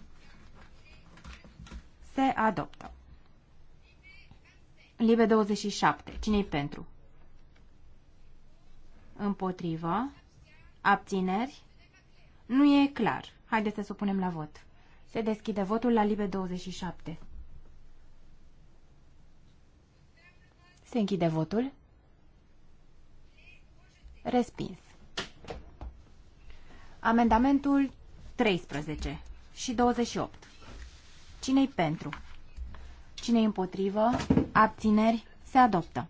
Se adoptă. Libe 27. Cine-i pentru? Împotrivă. Abțineri? Nu e clar. Haideți să supunem la vot. Se deschide votul la Libe 27. Se închide votul. Respins. Amendamentul 13 și 28. Cine-i pentru? Cine-i împotrivă? Abțineri? Se adoptă.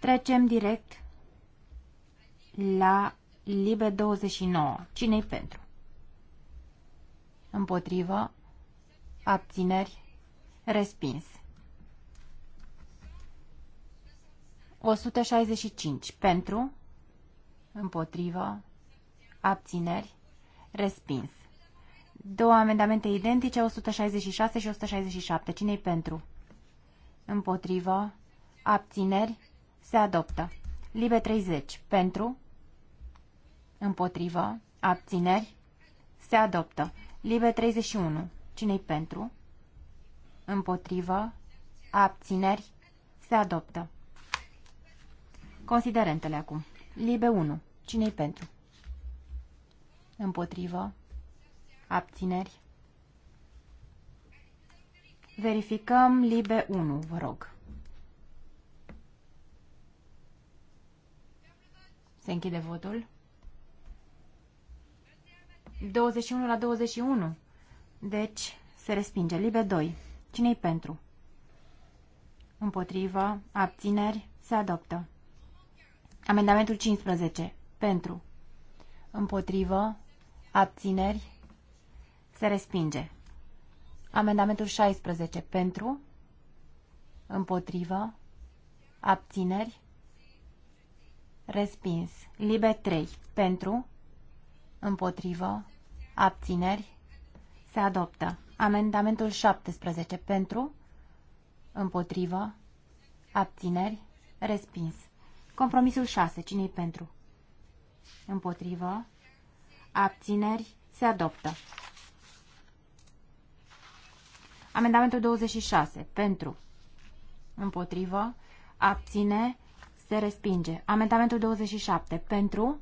Trecem direct la Libe 29. Cine-i pentru? Împotrivă. Abțineri. Respins. 165. Pentru. Împotrivă. Abțineri. Respins. Două amendamente identice, 166 și 167. Cine-i pentru? Împotrivă. Abțineri. Se adoptă. Libe 30. Pentru. Împotrivă. Abțineri. Se adoptă. Libe 31. Cine-i pentru? Împotrivă. Abțineri. Se adoptă. Considerentele acum. Libe 1. Cine-i pentru? Împotrivă. Abțineri. Verificăm libe 1, vă rog. Se închide votul. 21 la 21. Deci, se respinge. Libe 2. Cine-i pentru? Împotrivă. Abțineri. Se adoptă. Amendamentul 15. Pentru. Împotrivă. Abțineri. Se respinge. Amendamentul 16. Pentru. Împotrivă. Abțineri. Respins. Libe 3. Pentru. Împotrivă. Abțineri. Se adoptă. Amendamentul 17 pentru. Împotrivă. Abțineri. Respins. Compromisul 6. Cine-i pentru? Împotrivă. Abțineri. Se adoptă. Amendamentul 26. Pentru. Împotrivă. Abține. Se respinge. Amendamentul 27. Pentru.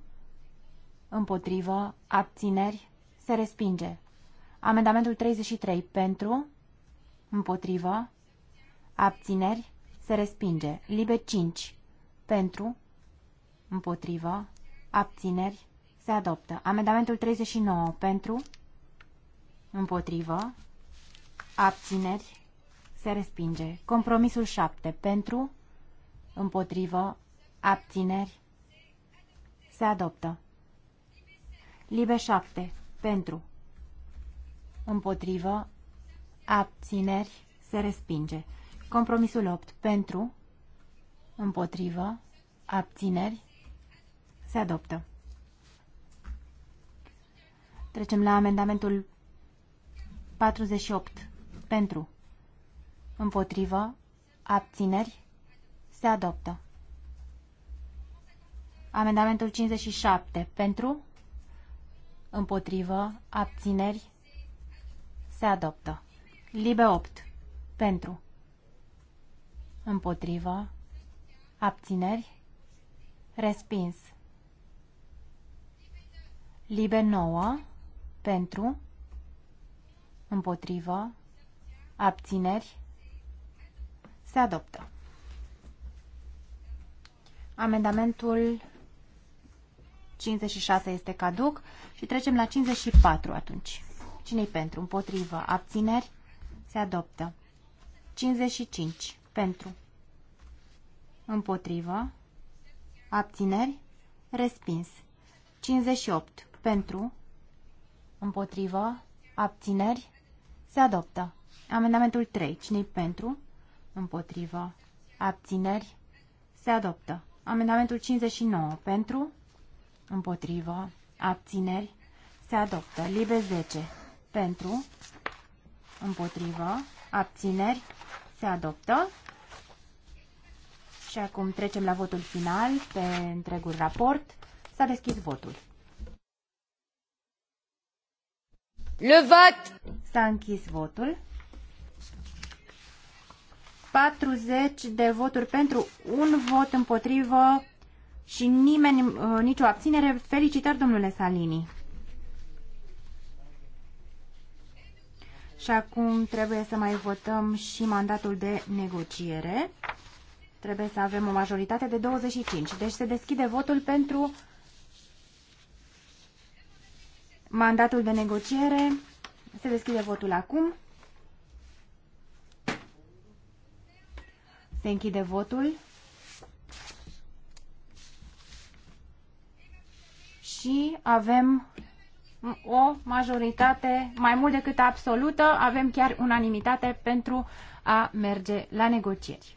Împotrivă. Abțineri. Se respinge. Amendamentul 33. Pentru. Împotrivă. Abțineri. Se respinge. Liber 5. Pentru. Împotrivă. Abțineri. Se adoptă. Amendamentul 39. Pentru. Împotrivă. Abțineri. Se respinge. Compromisul 7. Pentru. Împotrivă. Abțineri. Se adoptă. Libe 7. Pentru. Împotrivă. Abțineri. Se respinge. Compromisul 8. Pentru. Împotrivă. Abțineri. Se adoptă. Trecem la amendamentul 48. Pentru. Împotrivă. Abțineri. Se adoptă. Amendamentul 57. Pentru împotrivă, abțineri, se adoptă. Libe 8. Pentru. Împotrivă, abțineri, respins. Libe 9. Pentru. Împotrivă, abțineri, se adoptă. Amendamentul 56 este caduc și trecem la 54 atunci. Cine-i pentru? Împotrivă. Abțineri? Se adoptă. 55. Pentru. Împotrivă. Abțineri? Respins. 58. Pentru. Împotrivă. Abțineri? Se adoptă. Amendamentul 3. Cine-i pentru? Împotrivă. Abțineri? Se adoptă. Amendamentul 59. Pentru? Împotrivă. Abțineri. Se adoptă. Libe 10. Pentru. Împotrivă. Abțineri. Se adoptă. Și acum trecem la votul final pe întregul raport. S-a deschis votul. Le vot! S-a închis votul. 40 de voturi pentru, un vot împotrivă, și nimeni, uh, nicio abținere. Felicitări, domnule Salini! Și acum trebuie să mai votăm și mandatul de negociere. Trebuie să avem o majoritate de 25. Deci se deschide votul pentru mandatul de negociere. Se deschide votul acum. Se închide votul. și avem o majoritate mai mult decât absolută, avem chiar unanimitate pentru a merge la negocieri.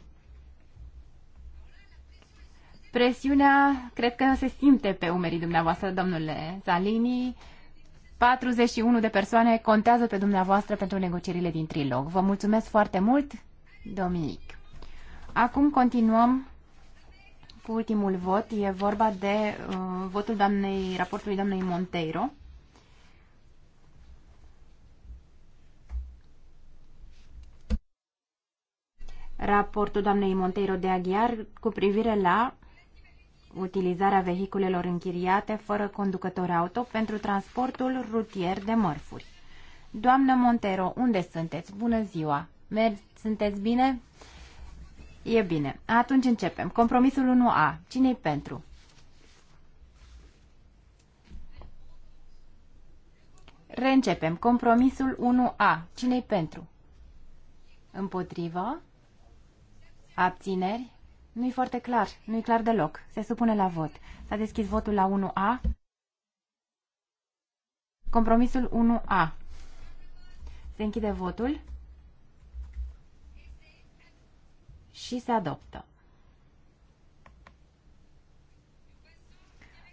Presiunea cred că se simte pe umerii dumneavoastră, domnule Zalini. 41 de persoane contează pe dumneavoastră pentru negocierile din trilog. Vă mulțumesc foarte mult, Dominic. Acum continuăm cu ultimul vot. E vorba de uh, votul doamnei, raportului doamnei Monteiro. Raportul doamnei Monteiro de Aghiar cu privire la utilizarea vehiculelor închiriate fără conducător auto pentru transportul rutier de mărfuri. Doamnă Montero, unde sunteți? Bună ziua! Mergi? sunteți bine? E bine. Atunci începem. Compromisul 1A. Cine-i pentru? Reîncepem. Compromisul 1A. Cine-i pentru? Împotrivă? Abțineri? Nu-i foarte clar. Nu-i clar deloc. Se supune la vot. S-a deschis votul la 1A. Compromisul 1A. Se închide votul. și se adoptă.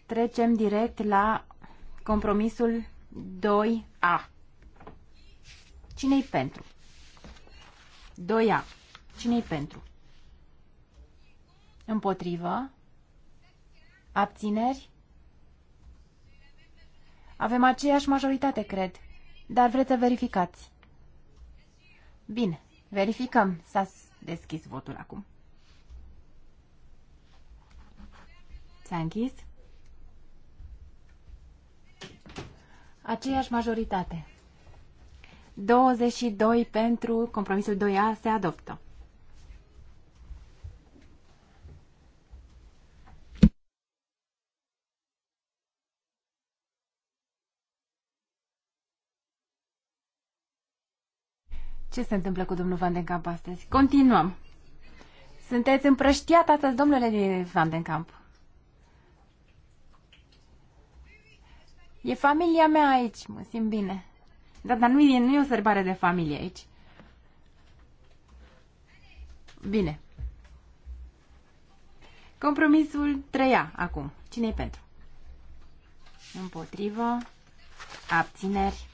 Trecem direct la compromisul 2A. Cine-i pentru? 2A. Cine-i pentru? Împotrivă? Abțineri? Avem aceeași majoritate, cred. Dar vreți să verificați. Bine, verificăm. S-a deschis votul acum. S-a închis. Aceeași majoritate. 22 pentru compromisul 2A se adoptă. Ce se întâmplă cu domnul Van den Camp astăzi? Continuăm. Sunteți împrăștiat astăzi, domnule Van den Camp. E familia mea aici, mă simt bine. Da, dar nu e, nu e o sărbare de familie aici. Bine. Compromisul treia acum. cine e pentru? Împotrivă. Abțineri.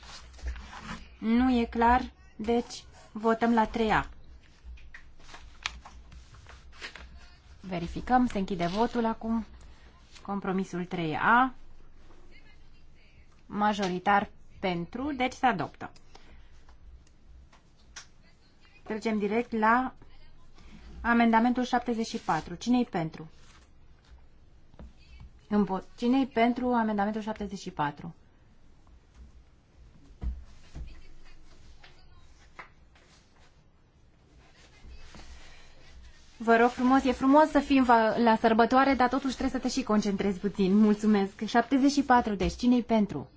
Nu e clar, deci Votăm la 3A. Verificăm, se închide votul acum. Compromisul 3A. Majoritar pentru, deci se adoptă. Trecem direct la amendamentul 74. Cine-i pentru? Cine-i pentru amendamentul 74? Vă rog frumos, e frumos să fim la sărbătoare, dar totuși trebuie să te și concentrezi puțin. Mulțumesc. 74, deci cine-i pentru?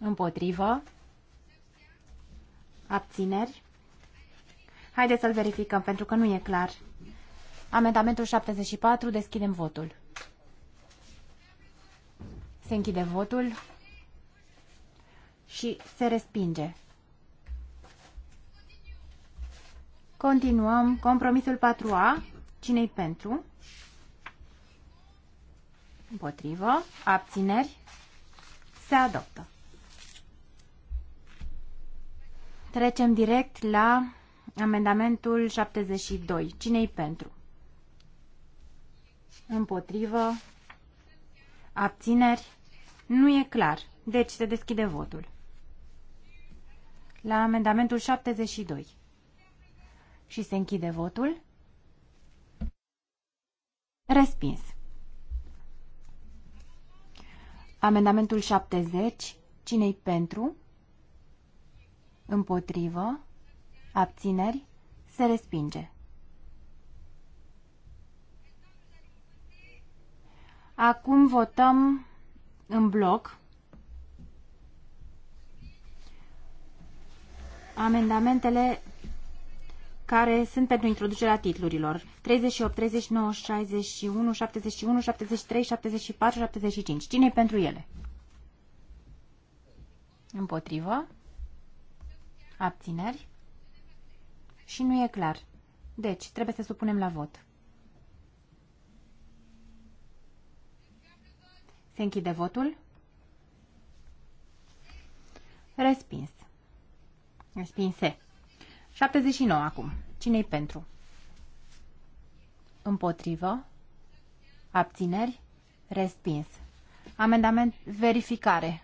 Împotrivă. Abțineri. Haideți să-l verificăm, pentru că nu e clar. Amendamentul 74, deschidem votul. Se închide votul și se respinge. Continuăm. Compromisul 4A. Cine-i pentru? Împotrivă. Abțineri. Se adoptă. Trecem direct la amendamentul 72. Cine-i pentru? Împotrivă. Abțineri. Nu e clar. Deci se deschide votul. La amendamentul 72. Și se închide votul. Respins. Amendamentul 70. Cine-i pentru? Împotrivă. Abțineri. Se respinge. Acum votăm în bloc amendamentele care sunt pentru introducerea titlurilor. 38, 39, 61, 71, 73, 74, 75. Cine-i pentru ele? Împotrivă. Abțineri. Și nu e clar. Deci, trebuie să supunem la vot. Se închide votul. Respins. Respinse. 79 acum. Cine-i pentru? Împotrivă. Abțineri. Respins. Amendament verificare.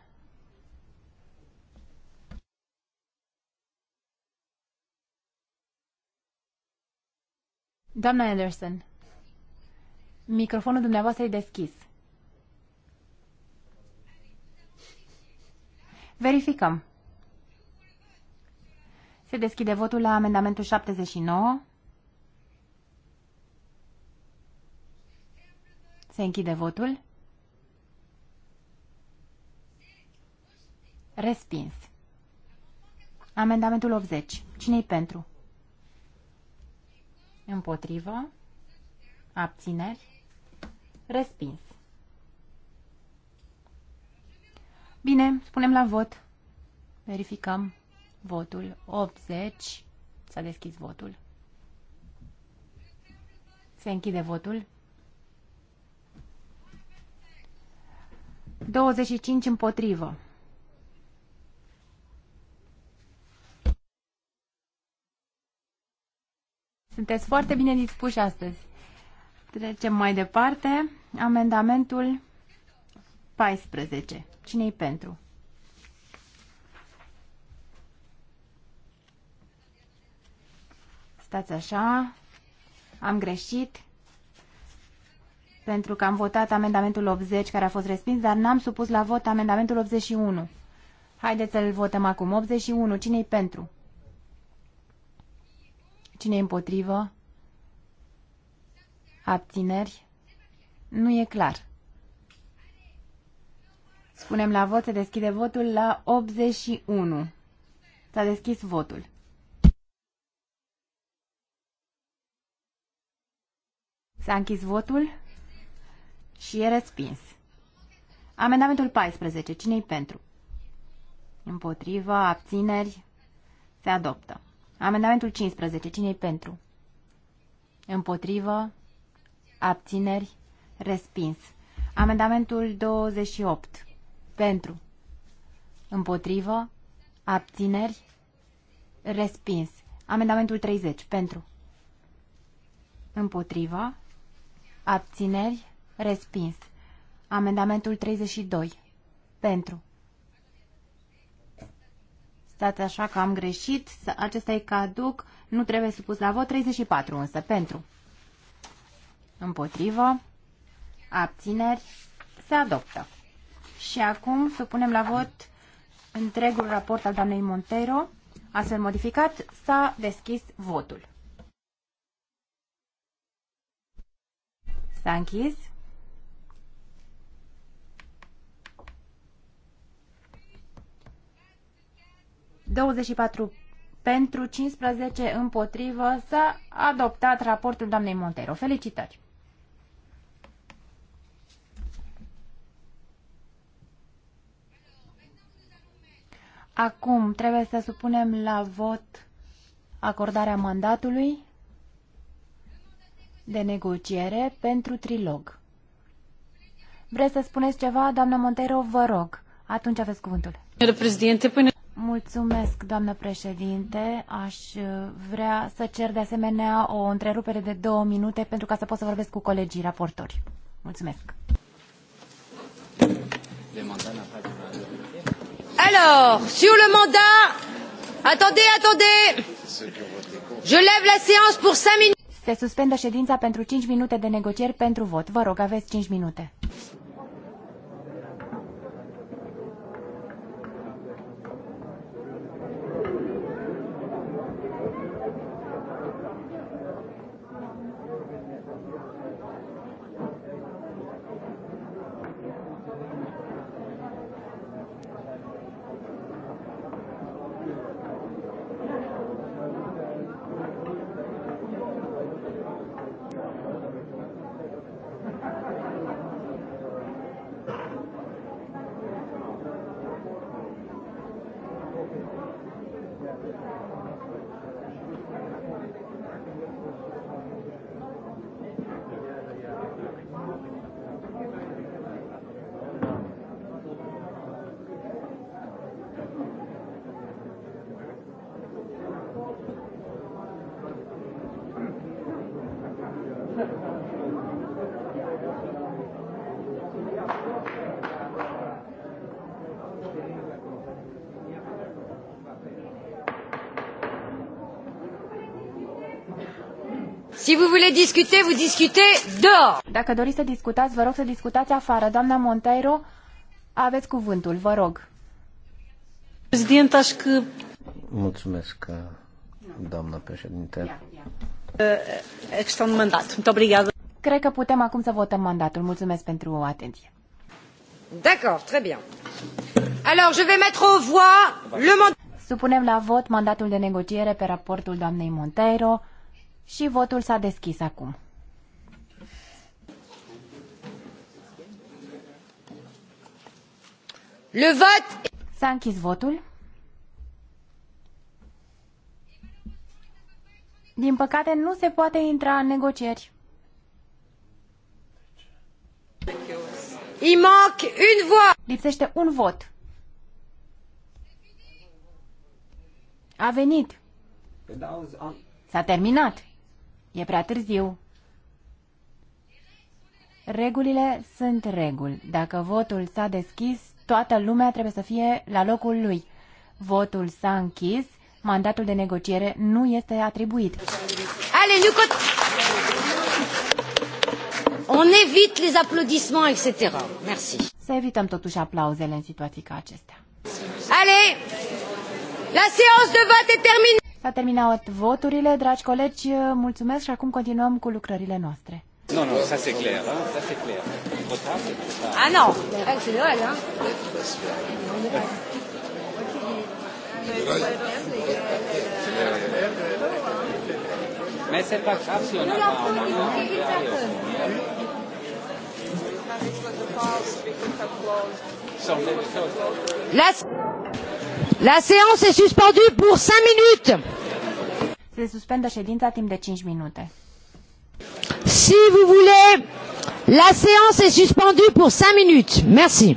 Doamna Anderson, microfonul dumneavoastră e deschis. Verificăm. Se deschide votul la amendamentul 79. Se închide votul. Respins. Amendamentul 80. Cine-i pentru? Împotrivă. Abțineri. Respins. Bine, spunem la vot. Verificăm. Votul 80. S-a deschis votul. Se închide votul. 25 împotrivă. Sunteți foarte bine dispuși astăzi. Trecem mai departe. Amendamentul 14. Cine-i pentru? Stați așa. Am greșit. Pentru că am votat amendamentul 80 care a fost respins, dar n-am supus la vot amendamentul 81. Haideți să-l votăm acum. 81. Cine-i pentru? cine e împotrivă? Abțineri? Nu e clar. Spunem la vot, se deschide votul la 81. S-a deschis votul. S-a închis votul și e respins. Amendamentul 14. Cine-i pentru? Împotriva, abțineri, se adoptă. Amendamentul 15. Cine-i pentru? Împotrivă, abțineri, respins. Amendamentul 28. Pentru. Împotrivă, abțineri, respins. Amendamentul 30. Pentru. Împotriva, Abțineri? Respins. Amendamentul 32. Pentru. Stați așa că am greșit. Acesta e caduc. Nu trebuie supus la vot. 34 însă. Pentru. Împotrivă. Abțineri. Se adoptă. Și acum supunem la vot întregul raport al doamnei Montero. Astfel modificat, s-a deschis votul. S-a închis. Douăzeci și patru pentru, 15 împotrivă, s-a adoptat raportul doamnei Montero. Felicitări! Acum trebuie să supunem la vot acordarea mandatului de negociere pentru trilog. Vreți să spuneți ceva, doamnă Montero? Vă rog. Atunci aveți cuvântul. Președinte, Mulțumesc, doamnă președinte. Aș uh, vrea să cer de asemenea o întrerupere de două minute pentru ca să pot să vorbesc cu colegii raportori. Mulțumesc. Alors, sur le mandat, attendez, attendez. Je lève la séance pour 5 minutes. Se suspendă ședința pentru 5 minute de negocieri pentru vot. Vă rog, aveți 5 minute. Si vous voulez discuter, vous discutez dehors. Dacă doriți să discutați, vă rog să discutați afară. Doamna Monteiro, aveți cuvântul, vă rog. Președinte, aș că... Mulțumesc, doamna președinte. A questão eh, de mandato. Muito obrigada. Cred că putem acum să votăm mandatul. Mulțumesc pentru atenție. D'accord, très bien. Alors, je vais mettre au voix le mandat. Supunem la vot mandatul de negociere pe raportul doamnei Monteiro. Și votul s-a deschis acum. Le vot! S-a închis votul. Din păcate, nu se poate intra în negocieri. Il manque une voix. Lipsește un vot. A venit. Păi da, s-a terminat. E prea târziu. Regulile sunt reguli. Dacă votul s-a deschis, toată lumea trebuie să fie la locul lui. Votul s-a închis, mandatul de negociere nu este atribuit. Ale, Lucot! On évite les applaudissements, etc. Merci. Să evităm totuși aplauzele în situații ca acestea. Ale, la séance de vote est terminée. S-a terminat voturile, dragi colegi, mulțumesc și acum continuăm cu lucrările noastre. Nu, nu, să se clair, să se c'est A, Ah Let's... La séance est suspendue pour 5 minutes. Se suspendă ședința timp de 5 minute. Si vous voulez, la séance est suspendue pour 5 minutes. Merci.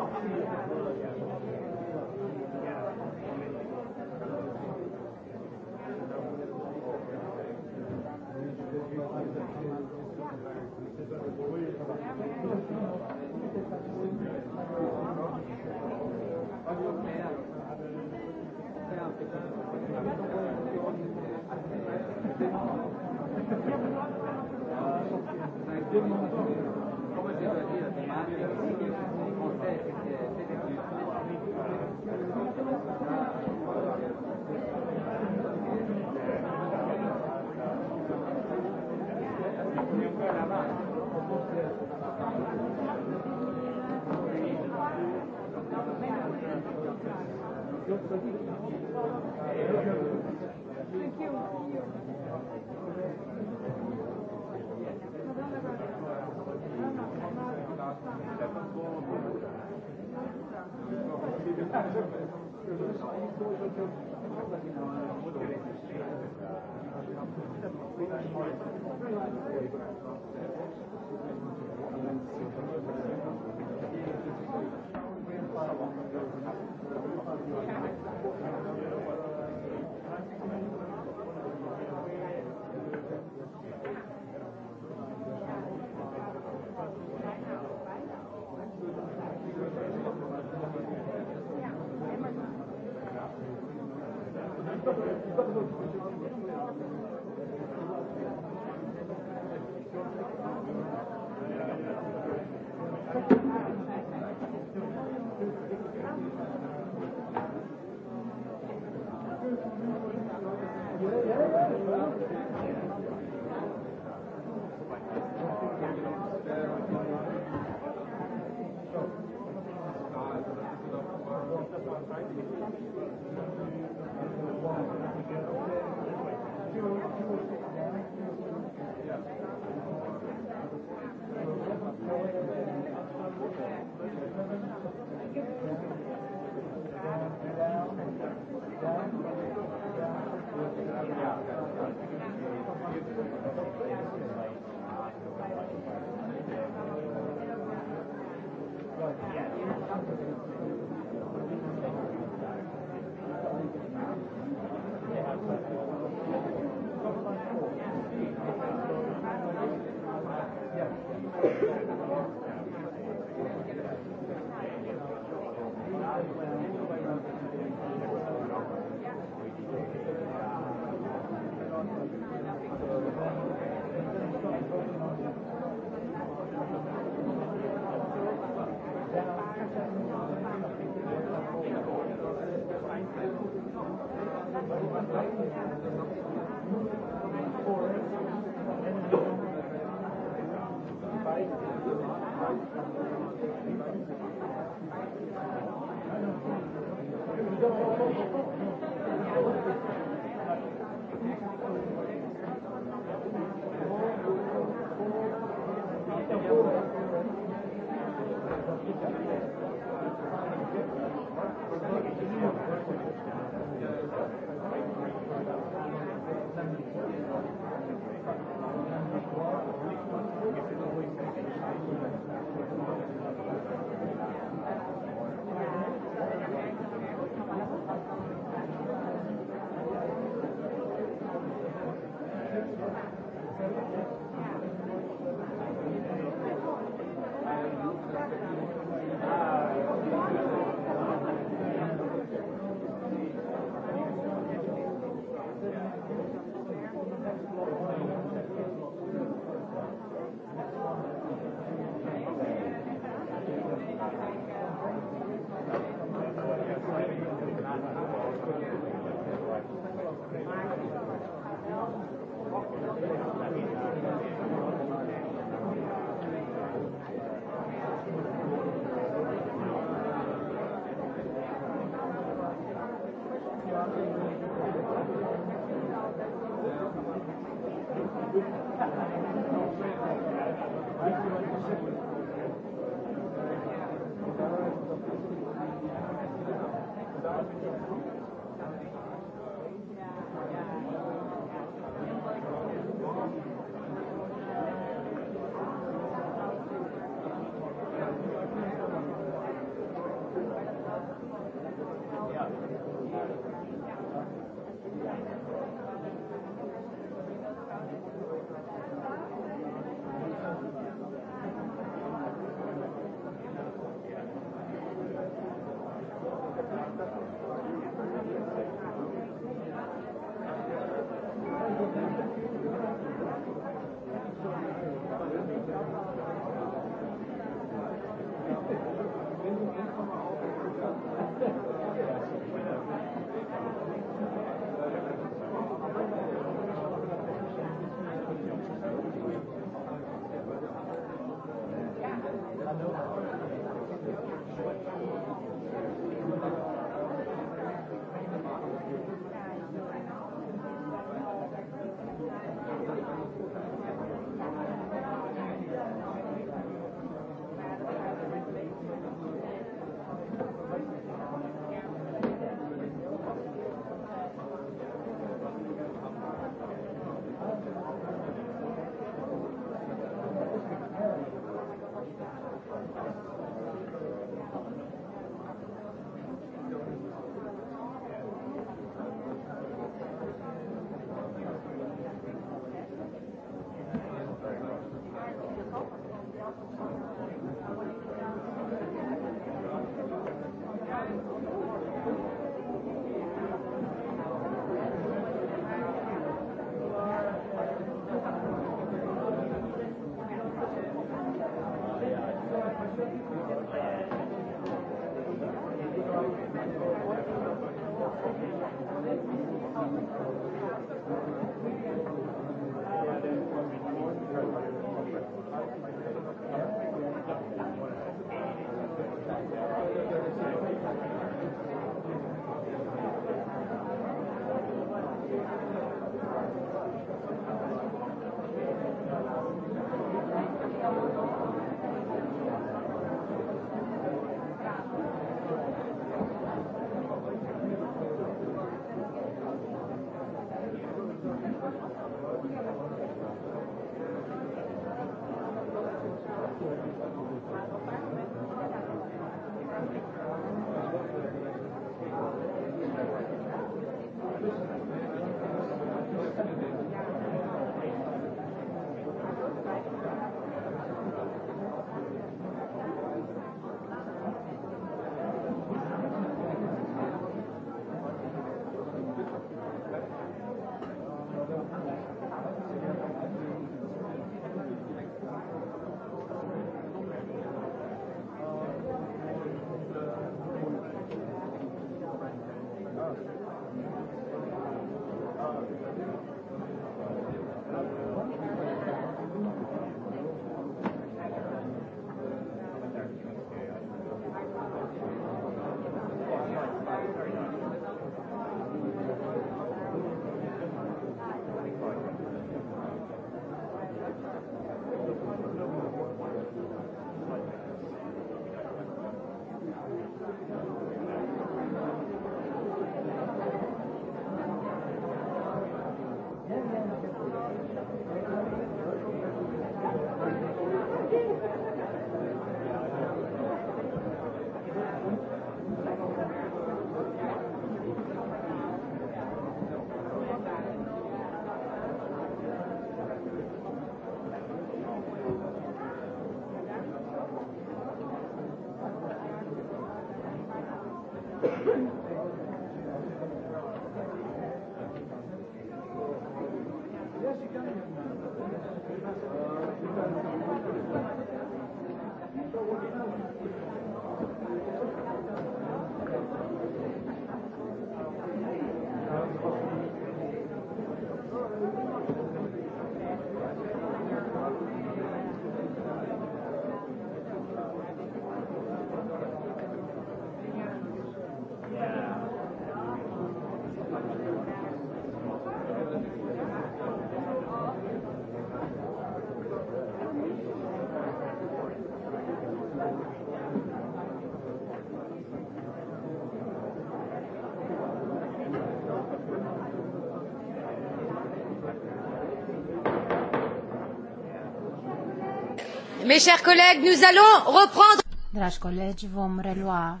Mes chers collègues, nous allons reprendre. Dragi colegi, vom relua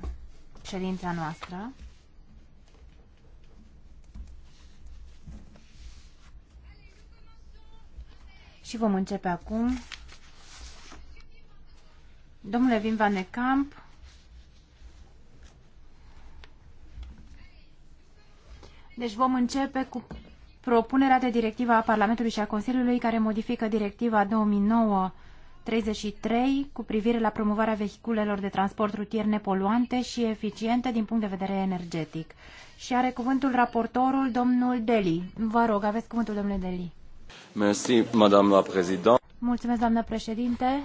ședința noastră. Și vom începe acum. Domnule Vin Van de Camp, Deci vom începe cu propunerea de directivă a Parlamentului și a Consiliului care modifică directiva 2009 33 cu privire la promovarea vehiculelor de transport rutier nepoluante și eficiente din punct de vedere energetic. Și are cuvântul raportorul, domnul Deli. Vă rog, aveți cuvântul, domnule Deli. Merci, madame la président. Mulțumesc, doamnă președinte.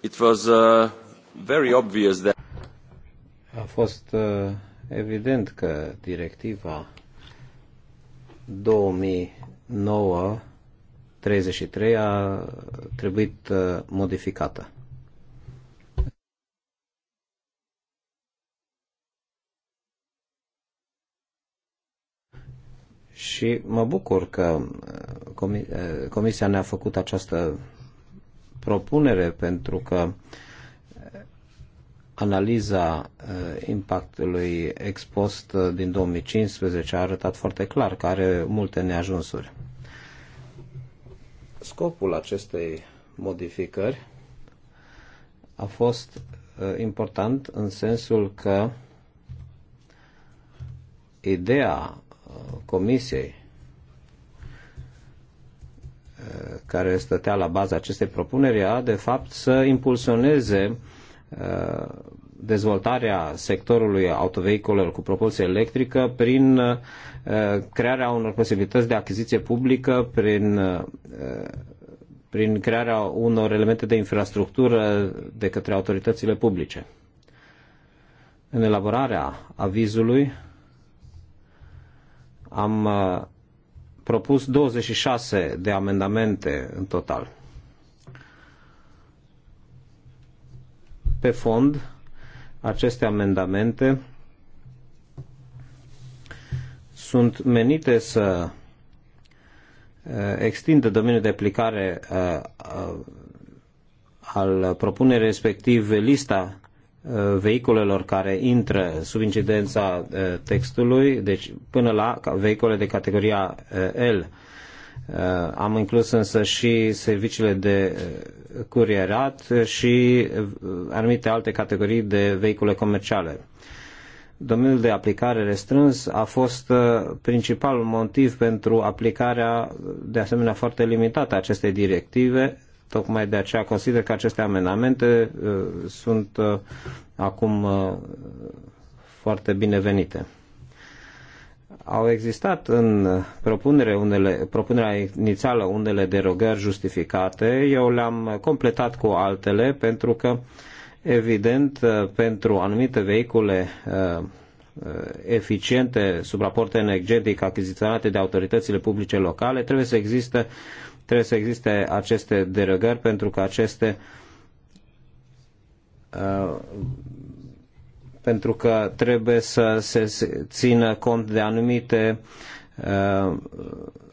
It was uh, very obvious that... A fost uh, evident că directiva 2009 33 a trebuit uh, modificată. Și mă bucur că uh, uh, Comisia ne-a făcut această propunere pentru că analiza impactului ex post din 2015 a arătat foarte clar că are multe neajunsuri. Scopul acestei modificări a fost uh, important în sensul că ideea uh, comisiei uh, care stătea la baza acestei propuneri a, de fapt, să impulsioneze dezvoltarea sectorului autovehiculelor cu propulsie electrică prin uh, crearea unor posibilități de achiziție publică, prin, uh, prin crearea unor elemente de infrastructură de către autoritățile publice. În elaborarea avizului am uh, propus 26 de amendamente în total. Pe fond, aceste amendamente sunt menite să uh, extindă domeniul de aplicare uh, uh, al propunerii respectiv lista vehiculelor care intră sub incidența textului, deci până la vehicule de categoria L. Uh, am inclus însă și serviciile de uh, curierat și uh, anumite alte categorii de vehicule comerciale. Domeniul de aplicare restrâns a fost principalul motiv pentru aplicarea de asemenea foarte limitată a acestei directive. Tocmai de aceea consider că aceste amenamente sunt acum foarte binevenite. Au existat în propunere unele, propunerea inițială unele derogări justificate, eu le-am completat cu altele pentru că, evident, pentru anumite vehicule uh, uh, eficiente sub raport energetic achiziționate de autoritățile publice locale, trebuie să existe, trebuie să existe aceste derogări pentru că aceste uh, pentru că trebuie să se țină cont de anumite uh,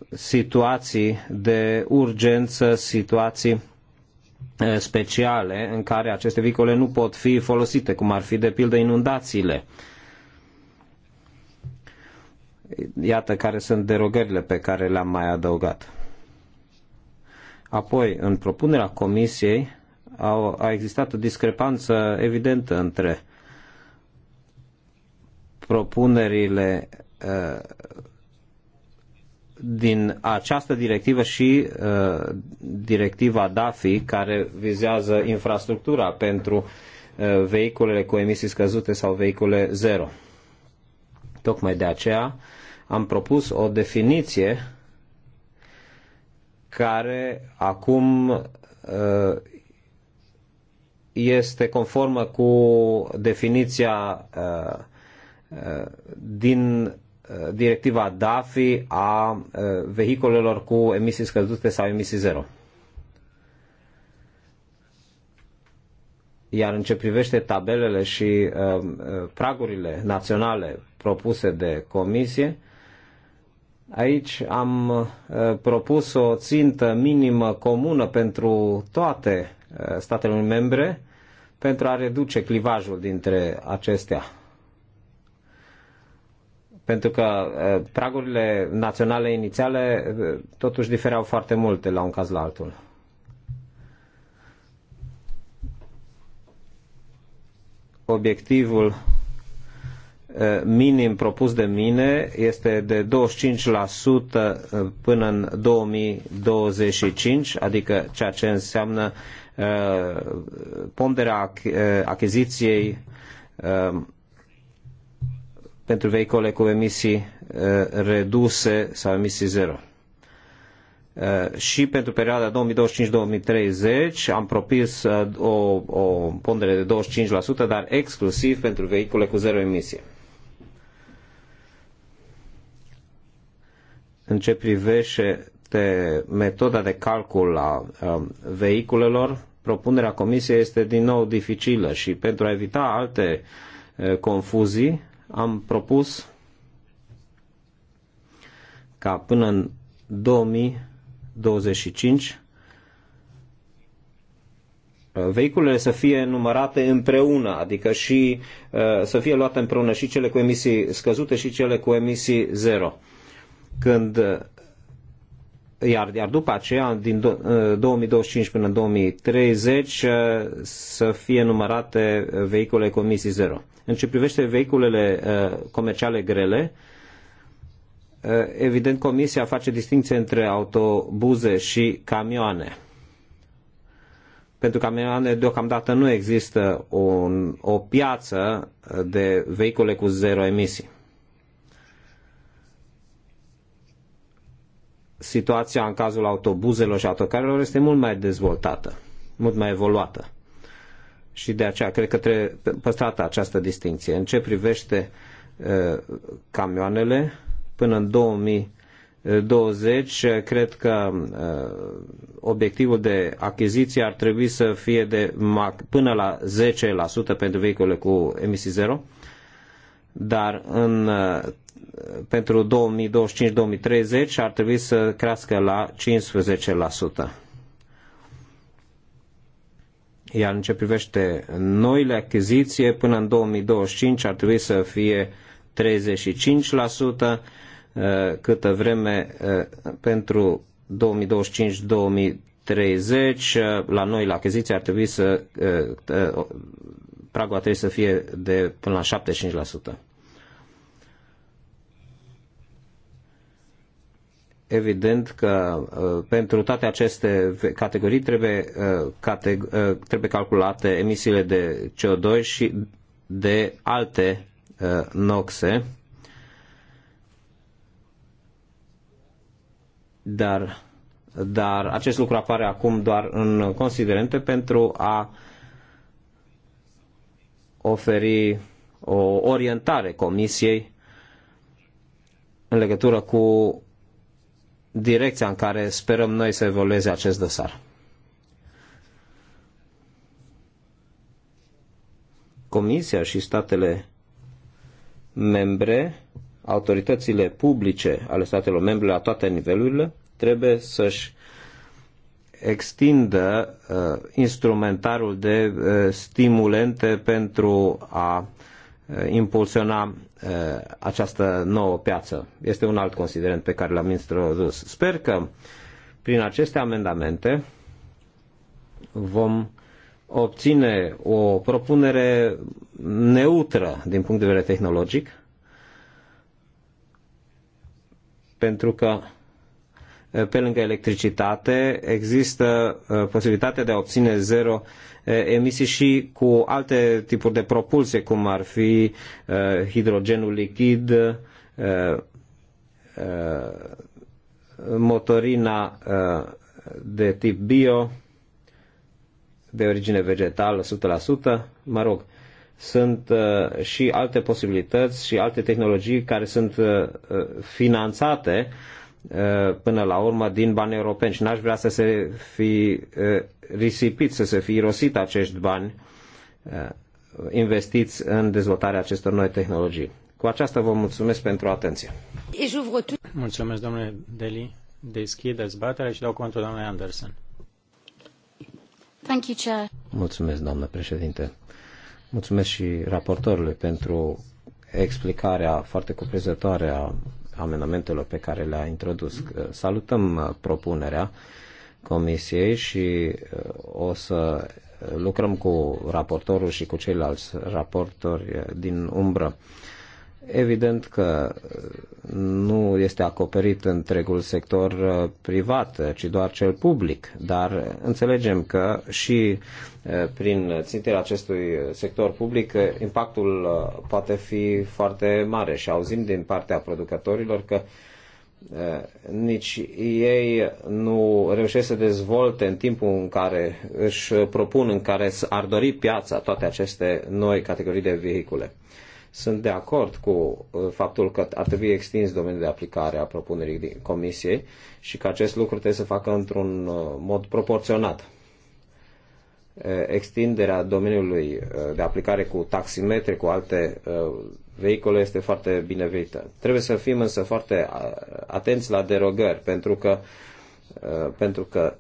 situații de urgență, situații uh, speciale în care aceste vicole nu pot fi folosite, cum ar fi de pildă inundațiile. Iată care sunt derogările pe care le-am mai adăugat. Apoi, în propunerea comisiei, au, a existat o discrepanță evidentă între propunerile uh, din această directivă și uh, directiva DAFI, care vizează infrastructura pentru uh, vehiculele cu emisii scăzute sau vehicule zero. Tocmai de aceea am propus o definiție care acum este conformă cu definiția uh, din uh, directiva DAFI a uh, vehiculelor cu emisii scăzute sau emisii zero. Iar în ce privește tabelele și uh, pragurile naționale propuse de comisie, aici am propus o țintă minimă comună pentru toate statele membre pentru a reduce clivajul dintre acestea pentru că pragurile naționale inițiale totuși difereau foarte multe la un caz la altul. Obiectivul minim propus de mine este de 25% până în 2025, adică ceea ce înseamnă ponderea achiziției pentru vehicole cu emisii uh, reduse sau emisii zero. Uh, și pentru perioada 2025-2030 am propus uh, o, o pondere de 25%, dar exclusiv pentru vehicule cu zero emisie. În ce privește metoda de calcul a um, vehiculelor, propunerea comisiei este din nou dificilă și pentru a evita alte confuzii, am propus ca până în 2025 uh, vehiculele să fie numărate împreună, adică și uh, să fie luate împreună și cele cu emisii scăzute și cele cu emisii zero. Când uh, iar, iar după aceea, din 2025 până în 2030, să fie numărate vehicule cu emisii zero. În ce privește vehiculele uh, comerciale grele, uh, evident Comisia face distinție între autobuze și camioane. Pentru camioane deocamdată nu există un, o piață de vehicule cu zero emisii. Situația în cazul autobuzelor și autocarelor este mult mai dezvoltată, mult mai evoluată și de aceea cred că trebuie păstrată această distinție. În ce privește uh, camioanele, până în 2020, cred că uh, obiectivul de achiziție ar trebui să fie de până la 10% pentru vehicule cu emisii zero, dar în, uh, pentru 2025-2030 ar trebui să crească la 15% iar în ce privește noile achiziții, până în 2025 ar trebui să fie 35%, eh, câtă vreme eh, pentru 2025-2030 eh, la noi la achiziții ar trebui să pragul ar trebui să fie de până la 75%. evident că uh, pentru toate aceste categorii trebuie, uh, categ uh, trebuie calculate emisiile de CO2 și de alte noxe. Dar, dar acest lucru apare acum doar în considerente pentru a oferi o orientare comisiei în legătură cu direcția în care sperăm noi să evolueze acest dosar. Comisia și statele membre, autoritățile publice ale statelor membre la toate nivelurile, trebuie să-și extindă uh, instrumentarul de uh, stimulente pentru a Uh, impulsiona uh, această nouă piață. Este un alt considerent pe care l-am introdus. Sper că prin aceste amendamente vom obține o propunere neutră din punct de vedere tehnologic, pentru că pe lângă electricitate, există uh, posibilitatea de a obține zero uh, emisii și cu alte tipuri de propulsie, cum ar fi uh, hidrogenul lichid, motorina de tip bio, de origine vegetală 100%, mă rog, sunt și alte posibilități și alte tehnologii care sunt finanțate Uh, până la urmă din bani europeni și n-aș vrea să se fi uh, risipit, să se fi irosit acești bani uh, investiți în dezvoltarea acestor noi tehnologii. Cu aceasta vă mulțumesc pentru atenție. Mulțumesc, domnule Deli. Deschid dezbaterea și dau contul domnului Anderson. Thank you, Chair. Mulțumesc, doamnă președinte. Mulțumesc și raportorului pentru explicarea foarte cuprinzătoare a amendamentelor pe care le-a introdus. Salutăm uh, propunerea Comisiei și uh, o să uh, lucrăm cu raportorul și cu ceilalți raportori din umbră Evident că uh, nu este acoperit întregul sector uh, privat, uh, ci doar cel public, dar înțelegem că și prin țintirea acestui sector public impactul poate fi foarte mare și auzim din partea producătorilor că nici ei nu reușesc să dezvolte în timpul în care își propun, în care ar dori piața toate aceste noi categorii de vehicule. Sunt de acord cu uh, faptul că ar trebui extins domeniul de aplicare a propunerii din Comisiei și că acest lucru trebuie să facă într-un uh, mod proporționat. Uh, extinderea domeniului de aplicare cu taximetri, cu alte vehicule este foarte binevenită. Trebuie să fim însă foarte atenți la derogări, pentru că, pentru că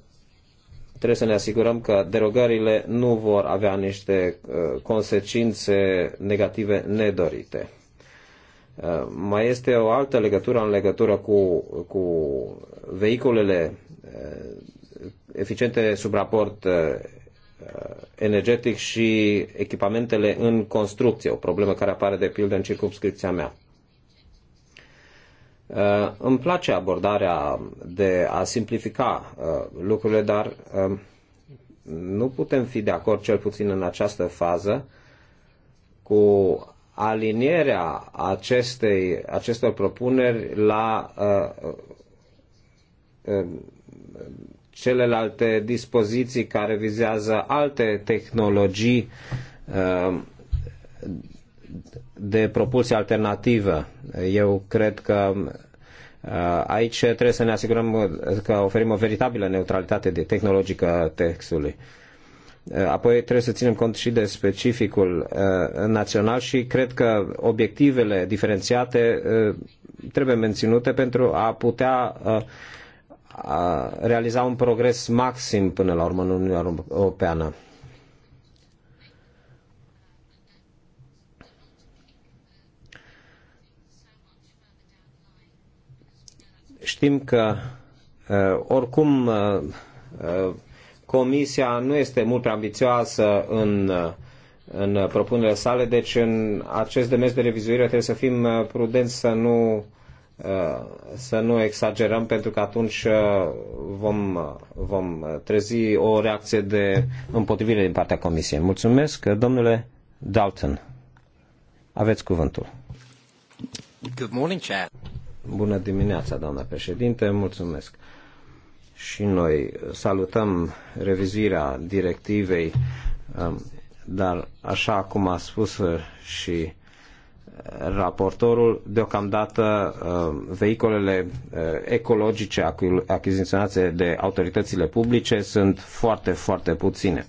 Trebuie să ne asigurăm că derogările nu vor avea niște uh, consecințe negative nedorite. Uh, mai este o altă legătură în legătură cu, cu vehiculele uh, eficiente sub raport energetic și echipamentele în construcție, o problemă care apare de pildă în circumscripția mea. Uh, îmi place abordarea de a simplifica uh, lucrurile, dar uh, nu putem fi de acord, cel puțin în această fază, cu alinierea acestei, acestor propuneri la celelalte dispoziții care vizează alte tehnologii de propulsie alternativă. Eu cred că uh, aici trebuie să ne asigurăm uh, că oferim o veritabilă neutralitate tehnologică textului. Uh, apoi trebuie să ținem cont și de specificul național și cred că obiectivele diferențiate trebuie menținute pentru a putea realiza un progres maxim până la urmă în Uniunea Europeană. Știm că uh, oricum uh, uh, Comisia nu este mult prea ambițioasă în, în propunerea sale, deci în acest demers de revizuire trebuie să fim prudenți să nu, să nu exagerăm, pentru că atunci vom, vom trezi o reacție de împotrivire din partea Comisiei. Mulțumesc, domnule Dalton. Aveți cuvântul. Good morning, Chair. Bună dimineața, doamna președinte, mulțumesc. Și noi salutăm revizuirea directivei, um, dar așa cum a spus și uh, raportorul, deocamdată um, vehicolele uh, ecologice achiziționate de autoritățile publice sunt foarte, foarte puține.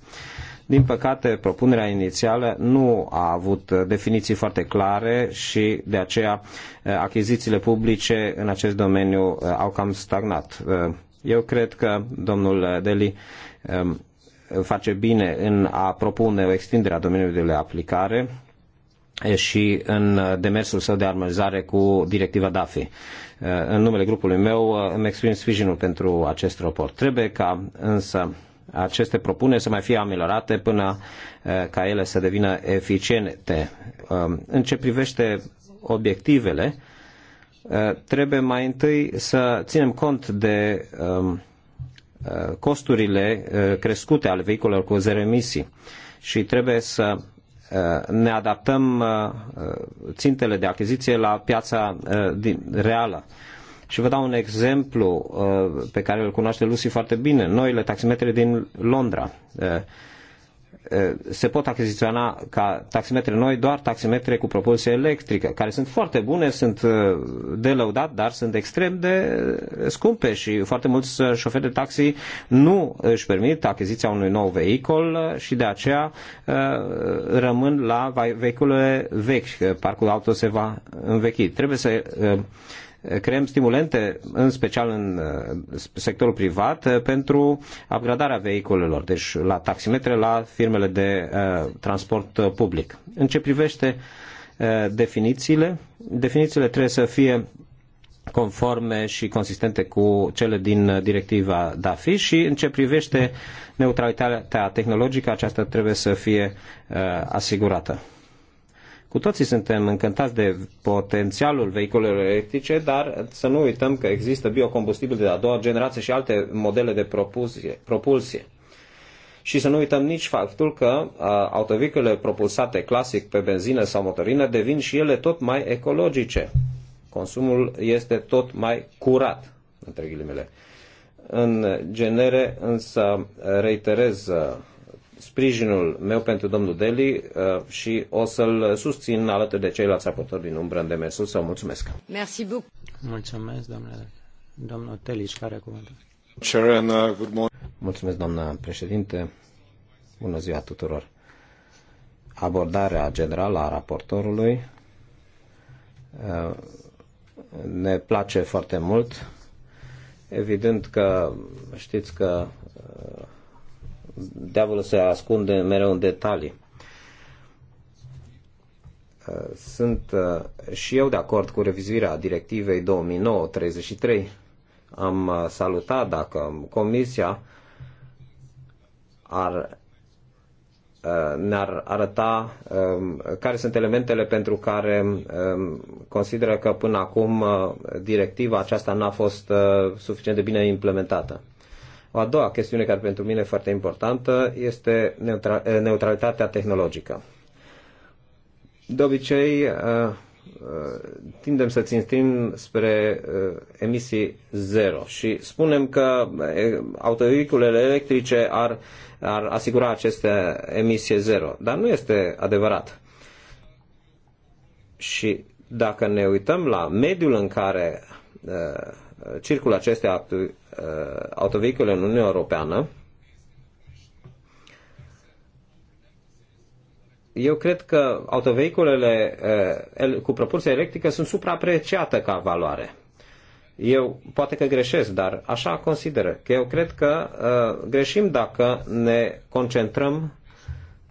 Din păcate, propunerea inițială nu a avut definiții foarte clare și de aceea achizițiile publice în acest domeniu uh, au cam stagnat. Uh, eu cred că domnul Deli um, face bine în a propune o extindere a domeniului de aplicare și în demersul său de armonizare cu directiva DAFI. Uh, în numele grupului meu îmi exprim sprijinul pentru acest raport. Trebuie ca însă aceste propuneri să mai fie ameliorate până eh, ca ele să devină eficiente. Um, în ce privește obiectivele, eh, trebuie mai întâi să ținem cont de um, eh, costurile crescute ale vehiculelor cu zero emisii și trebuie să ne adaptăm țintele de achiziție la piața reală. Și vă dau un exemplu uh, pe care îl cunoaște Lucy foarte bine. Noile taximetre din Londra uh, uh, se pot achiziționa ca taximetre noi doar taximetre cu propulsie electrică, care sunt foarte bune, sunt de lăudat, dar sunt extrem de scumpe și foarte mulți șoferi de taxi nu își permit achiziția unui nou vehicul și de aceea rămân la vehicule vechi, parcul auto se va învechi. Trebuie să creăm stimulente, în special în uh, sectorul privat, uh, pentru upgradarea vehiculelor, deci la taximetre, la firmele de uh, transport public. În ce privește definițiile, definițiile trebuie să fie conforme și consistente cu cele din directiva DAFI și în ce privește neutralitatea tehnologică, aceasta trebuie să fie asigurată. Cu toții suntem încântați de potențialul vehiculelor electrice, dar să nu uităm că există biocombustibili de a doua generație și alte modele de propulsie. propulsie. Și să nu uităm nici faptul că autovehiculele propulsate clasic pe benzină sau motorină devin și ele tot mai ecologice. Consumul este tot mai curat, între ghilimele. În genere, însă, reiterez sprijinul meu pentru domnul Deli uh, și o să-l susțin alături de ceilalți raportori din umbră în demersul său. Mulțumesc! Merci beaucoup. Mulțumesc, domnule. Domnul Teliș, care cuvântul? Uh, Mulțumesc, doamna președinte. Bună ziua tuturor. Abordarea generală a raportorului uh, ne place foarte mult. Evident că știți că diavolul se ascunde mereu în detalii. Sunt uh, și eu de acord cu revizuirea directivei 2009-33. Am uh, salutat dacă Comisia ar uh, ne-ar arăta um, care sunt elementele pentru care um, consideră că până acum directiva aceasta n-a fost suficient de bine implementată. O a doua chestiune care pentru mine e foarte importantă este eh, neutralitatea tehnologică. De obicei, eh, eh, tindem să țintim spre emisii zero și spunem că autovehiculele electrice ar, ar asigura aceste emisie zero, dar nu este adevărat. Și dacă ne uităm la mediul în care circulă aceste Uh, autovehicule în Uniunea Europeană, eu cred că autovehiculele uh, cu propulsie electrică sunt supraapreciate ca valoare. Eu poate că greșesc, dar așa consideră. Că eu cred că uh, greșim dacă ne concentrăm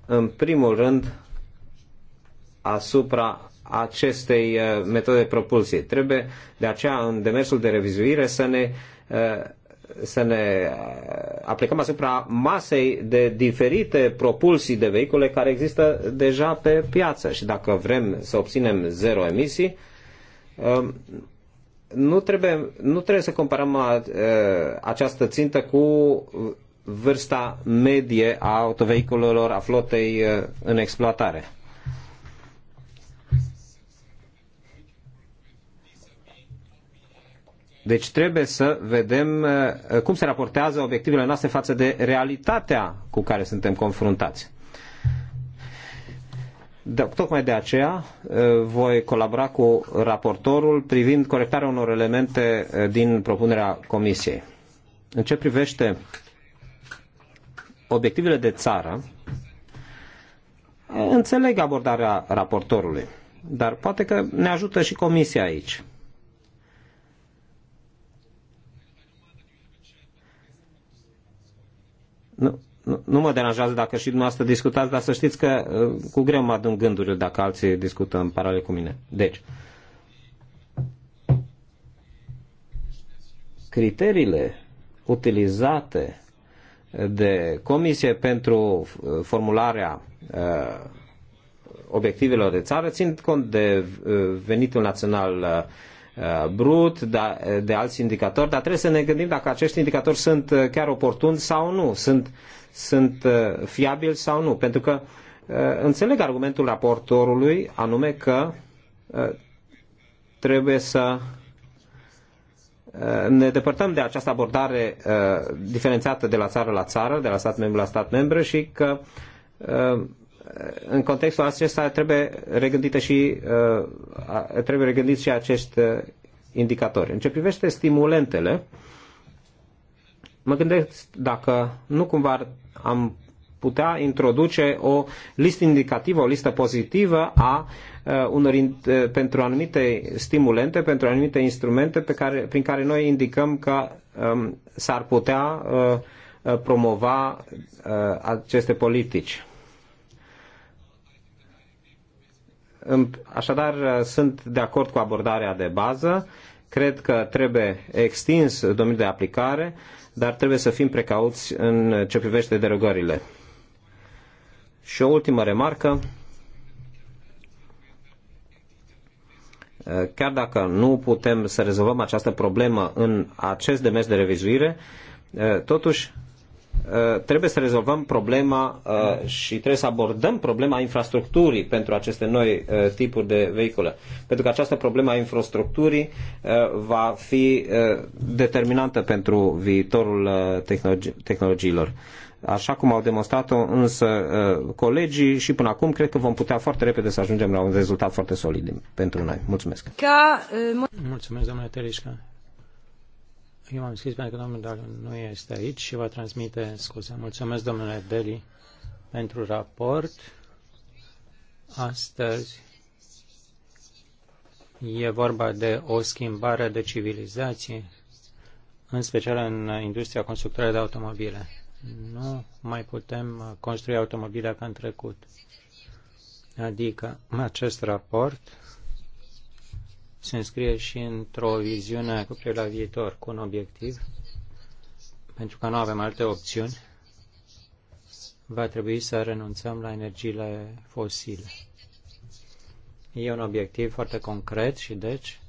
în primul rând asupra acestei uh, metode de propulsie. Trebuie de aceea în demersul de revizuire să ne Eh, să ne eh, aplicăm asupra masei de diferite propulsii de vehicule care există deja pe piață și dacă vrem să obținem zero emisii, eh, nu trebuie, nu trebuie să comparăm această țintă cu vârsta medie a autovehiculelor, a flotei în exploatare. Deci trebuie să vedem uh, cum se raportează obiectivele noastre față de realitatea cu care suntem confruntați. Da, tocmai de aceea uh, voi colabora cu raportorul privind corectarea unor elemente uh, din propunerea Comisiei. În ce privește obiectivele de țară, înțeleg abordarea raportorului, dar poate că ne ajută și Comisia aici Nu, nu, nu mă deranjează dacă și dumneavoastră discutați, dar să știți că uh, cu greu mă adun gândurile dacă alții discută în paralel cu mine. Deci, criteriile utilizate de comisie pentru uh, formularea uh, obiectivelor de țară țin cont de venitul național Uh, brut, da, de alți indicatori, dar trebuie să ne gândim dacă acești indicatori sunt uh, chiar oportuni sau nu, sunt, sunt uh, fiabili sau nu. Pentru că înțeleg argumentul raportorului, anume că trebuie să ne depărtăm de această abordare diferențiată de la țară la țară, de la stat membru la stat membru și că în contextul acesta trebuie regândite și uh, trebuie regândit și acest uh, indicatori. În ce privește stimulentele, mă gândesc dacă nu cumva am putea introduce o listă indicativă, o listă pozitivă a uh, unor, pentru anumite stimulente, pentru anumite instrumente pe care, prin care noi indicăm că um, s-ar putea uh, promova uh, aceste politici. Așadar, sunt de acord cu abordarea de bază. Cred că trebuie extins domeniul de aplicare, dar trebuie să fim precauți în ce privește derogările. Și o ultimă remarcă. Chiar dacă nu putem să rezolvăm această problemă în acest demers de revizuire, totuși Uh, trebuie să rezolvăm problema uh, și trebuie să abordăm problema infrastructurii pentru aceste noi uh, tipuri de vehicule. Pentru că această problemă a infrastructurii va fi determinantă pentru viitorul tehnologi tehnologiilor. Așa cum au demonstrat-o însă colegii și până acum, cred că vom putea foarte repede să ajungem la un rezultat foarte solid pentru noi. Mulțumesc! Mulțumesc, domnule Terișca. Eu m-am scris pentru că domnul Daliu nu este aici și va transmite scuze. Mulțumesc, domnule Deli, pentru raport. Astăzi e vorba de o schimbare de civilizație, în special în industria constructoare de automobile. Nu mai putem construi automobile ca în trecut. Adică acest raport se înscrie și într-o viziune cu privire la viitor, cu un obiectiv, pentru că nu avem alte opțiuni, va trebui să renunțăm la energiile fosile. E un obiectiv foarte concret și deci,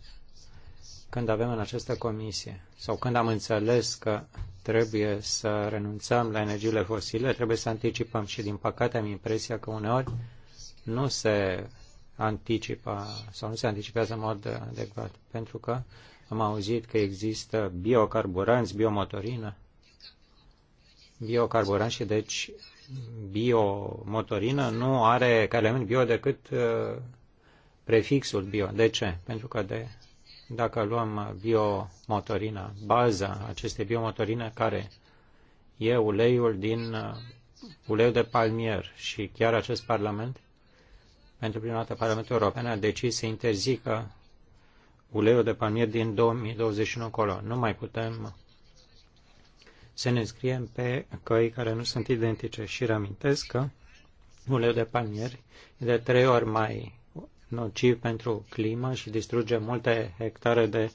când avem în această comisie, sau când am înțeles că trebuie să renunțăm la energiile fosile, trebuie să anticipăm și din păcate am impresia că uneori nu se anticipa sau nu se anticipează în mod adecvat, pentru că am auzit că există biocarburanți, biomotorină, biocarburanți și deci biomotorină nu are ca element bio decât uh, prefixul bio. De ce? Pentru că de, dacă luăm biomotorină, baza acestei biomotorină care e uleiul din uh, uleiul de palmier și chiar acest parlament pentru prima dată Parlamentul European a decis să interzică uleiul de palmier din 2021 încolo. Nu mai putem să ne înscriem pe căi care nu sunt identice și reamintesc că uleiul de palmier e de trei ori mai nociv pentru climă și distruge multe hectare de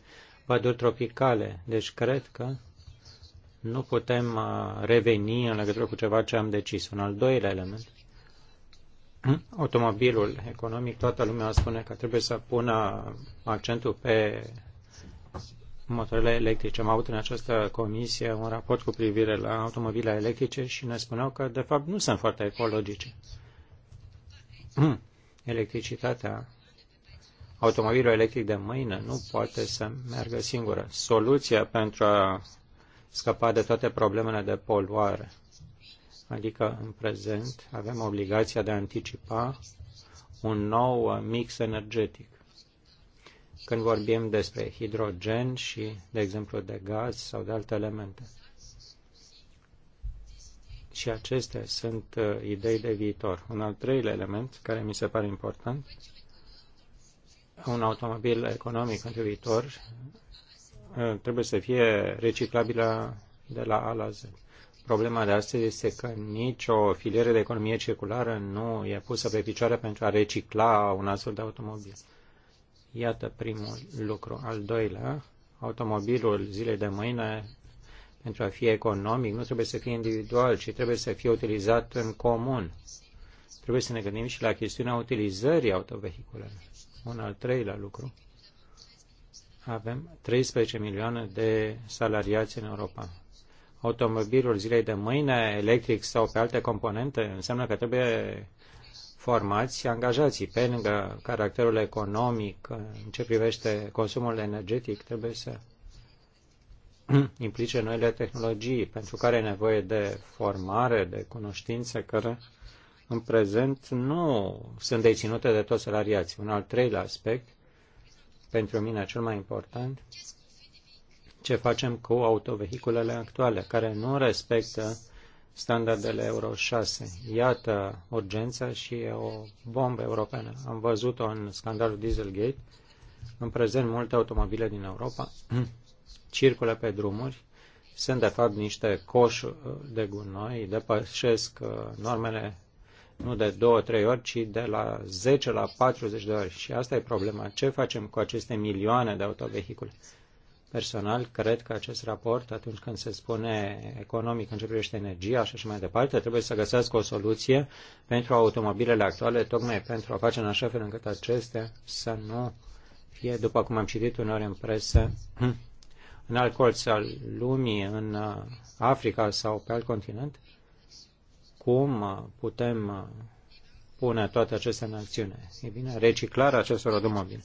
păduri tropicale. Deci cred că nu putem uh, reveni în legătură cu ceva ce am decis. Un al doilea element automobilul economic, toată lumea spune că trebuie să pună accentul pe motoarele electrice. Am avut în această comisie un raport cu privire la automobile electrice și ne spuneau că, de fapt, nu sunt foarte ecologice. [CLEARS THROAT] Electricitatea, automobilul electric de mâine nu poate să meargă singură. Soluția pentru a scăpa de toate problemele de poluare adică în prezent avem obligația de a anticipa un nou mix energetic. Când vorbim despre hidrogen și, de exemplu, de gaz sau de alte elemente. Și acestea sunt uh, idei de viitor. Un al treilea element care mi se pare important, un automobil economic în viitor uh, trebuie să fie reciclabilă de la A la Z Problema de astăzi este că nicio filieră de economie circulară nu e pusă pe picioare pentru a recicla un astfel de automobil. Iată primul lucru. Al doilea, automobilul zilei de mâine, pentru a fi economic, nu trebuie să fie individual, ci trebuie să fie utilizat în comun. Trebuie să ne gândim și la chestiunea utilizării autovehiculelor. Un al treilea lucru. Avem 13 milioane de salariați în Europa automobilul zilei de mâine, electric sau pe alte componente, înseamnă că trebuie formați angajații. Pe lângă caracterul economic, în ce privește consumul energetic, trebuie să [CLEARS THROAT] implice noile tehnologii, pentru care e nevoie de formare, de cunoștințe care în prezent nu sunt deținute de toți salariații. Un al treilea aspect, pentru mine cel mai important, ce facem cu autovehiculele actuale, care nu respectă standardele Euro 6. Iată urgența și e o bombă europeană. Am văzut-o în scandalul Dieselgate. În prezent, multe automobile din Europa [CLEARS THROAT] circulă pe drumuri, sunt de fapt niște coșuri uh, de gunoi, depășesc uh, normele nu de 2-3 ori, ci de la 10 la 40 de ori. Și asta e problema. Ce facem cu aceste milioane de autovehicule? Personal, cred că acest raport, atunci când se spune economic în ce privește energia și așa mai departe, trebuie să găsească o soluție pentru automobilele actuale, tocmai pentru a face în așa fel încât acestea să nu fie, după cum am citit uneori în presă, [CLEARS THROAT] în alt colț al lumii, în uh, Africa sau pe alt continent, cum uh, putem uh, pune toate acestea în acțiune? E bine, reciclarea acestor automobile.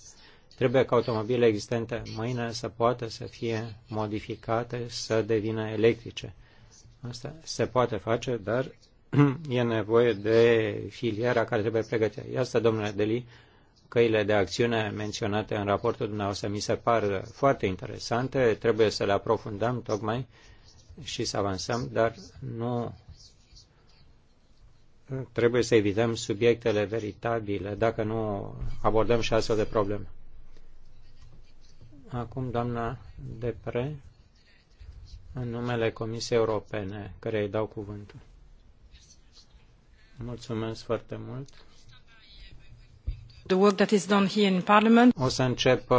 Trebuie ca automobile existente mâine să poată să fie modificate, să devină electrice. Asta se poate face, dar [CLEARS THROAT] e nevoie de filiera care trebuie pregătită. Iată, domnule Deli, căile de acțiune menționate în raportul dumneavoastră mi se par foarte interesante, trebuie să le aprofundăm tocmai și să avansăm, dar nu trebuie să evităm subiectele veritabile dacă nu abordăm și astfel de probleme. Acum, doamna Depre, în numele Comisiei Europene, care îi dau cuvântul. Mulțumesc foarte mult. The work that is done here in Parliament. O să încep uh,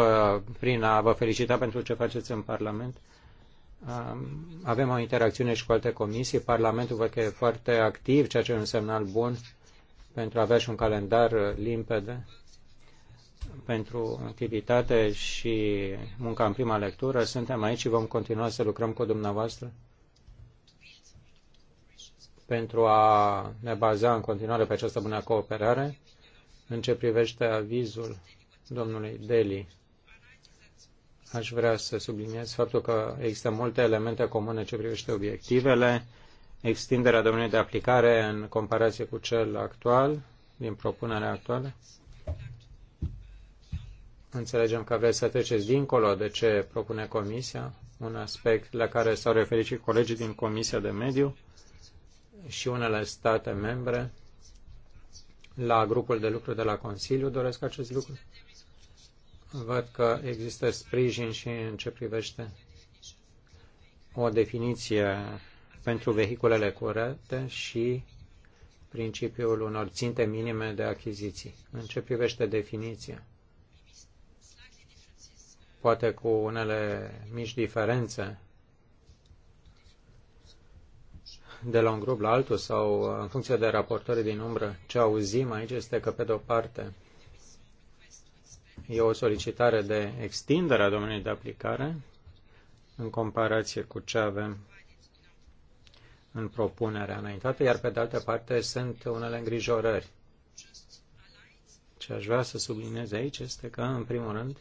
prin a vă felicita pentru ce faceți în Parlament. Um, avem o interacțiune și cu alte comisii. Parlamentul văd că e foarte activ, ceea ce e un semnal bun pentru a avea și un calendar uh, limpede pentru activitate și munca în prima lectură. Suntem aici și vom continua să lucrăm cu dumneavoastră pentru a ne baza în continuare pe această bună cooperare în ce privește avizul domnului Deli. Aș vrea să subliniez faptul că există multe elemente comune ce privește obiectivele, extinderea domeniului de aplicare în comparație cu cel actual, din propunerea actuală, Înțelegem că vreți să treceți dincolo de ce propune Comisia, un aspect la care s-au referit și colegii din Comisia de Mediu și unele state membre la grupul de lucru de la Consiliu doresc acest lucru. Văd că există sprijin și în ce privește o definiție pentru vehiculele curate și principiul unor ținte minime de achiziții. În ce privește definiția? poate cu unele mici diferențe de la un grup la altul sau uh, în funcție de raportări din umbră. Ce auzim aici este că, pe de-o parte, e o solicitare de extindere a domeniului de aplicare în comparație cu ce avem în propunerea înaintată, iar pe de altă parte sunt unele îngrijorări. Ce aș vrea să subliniez aici este că, în primul rând,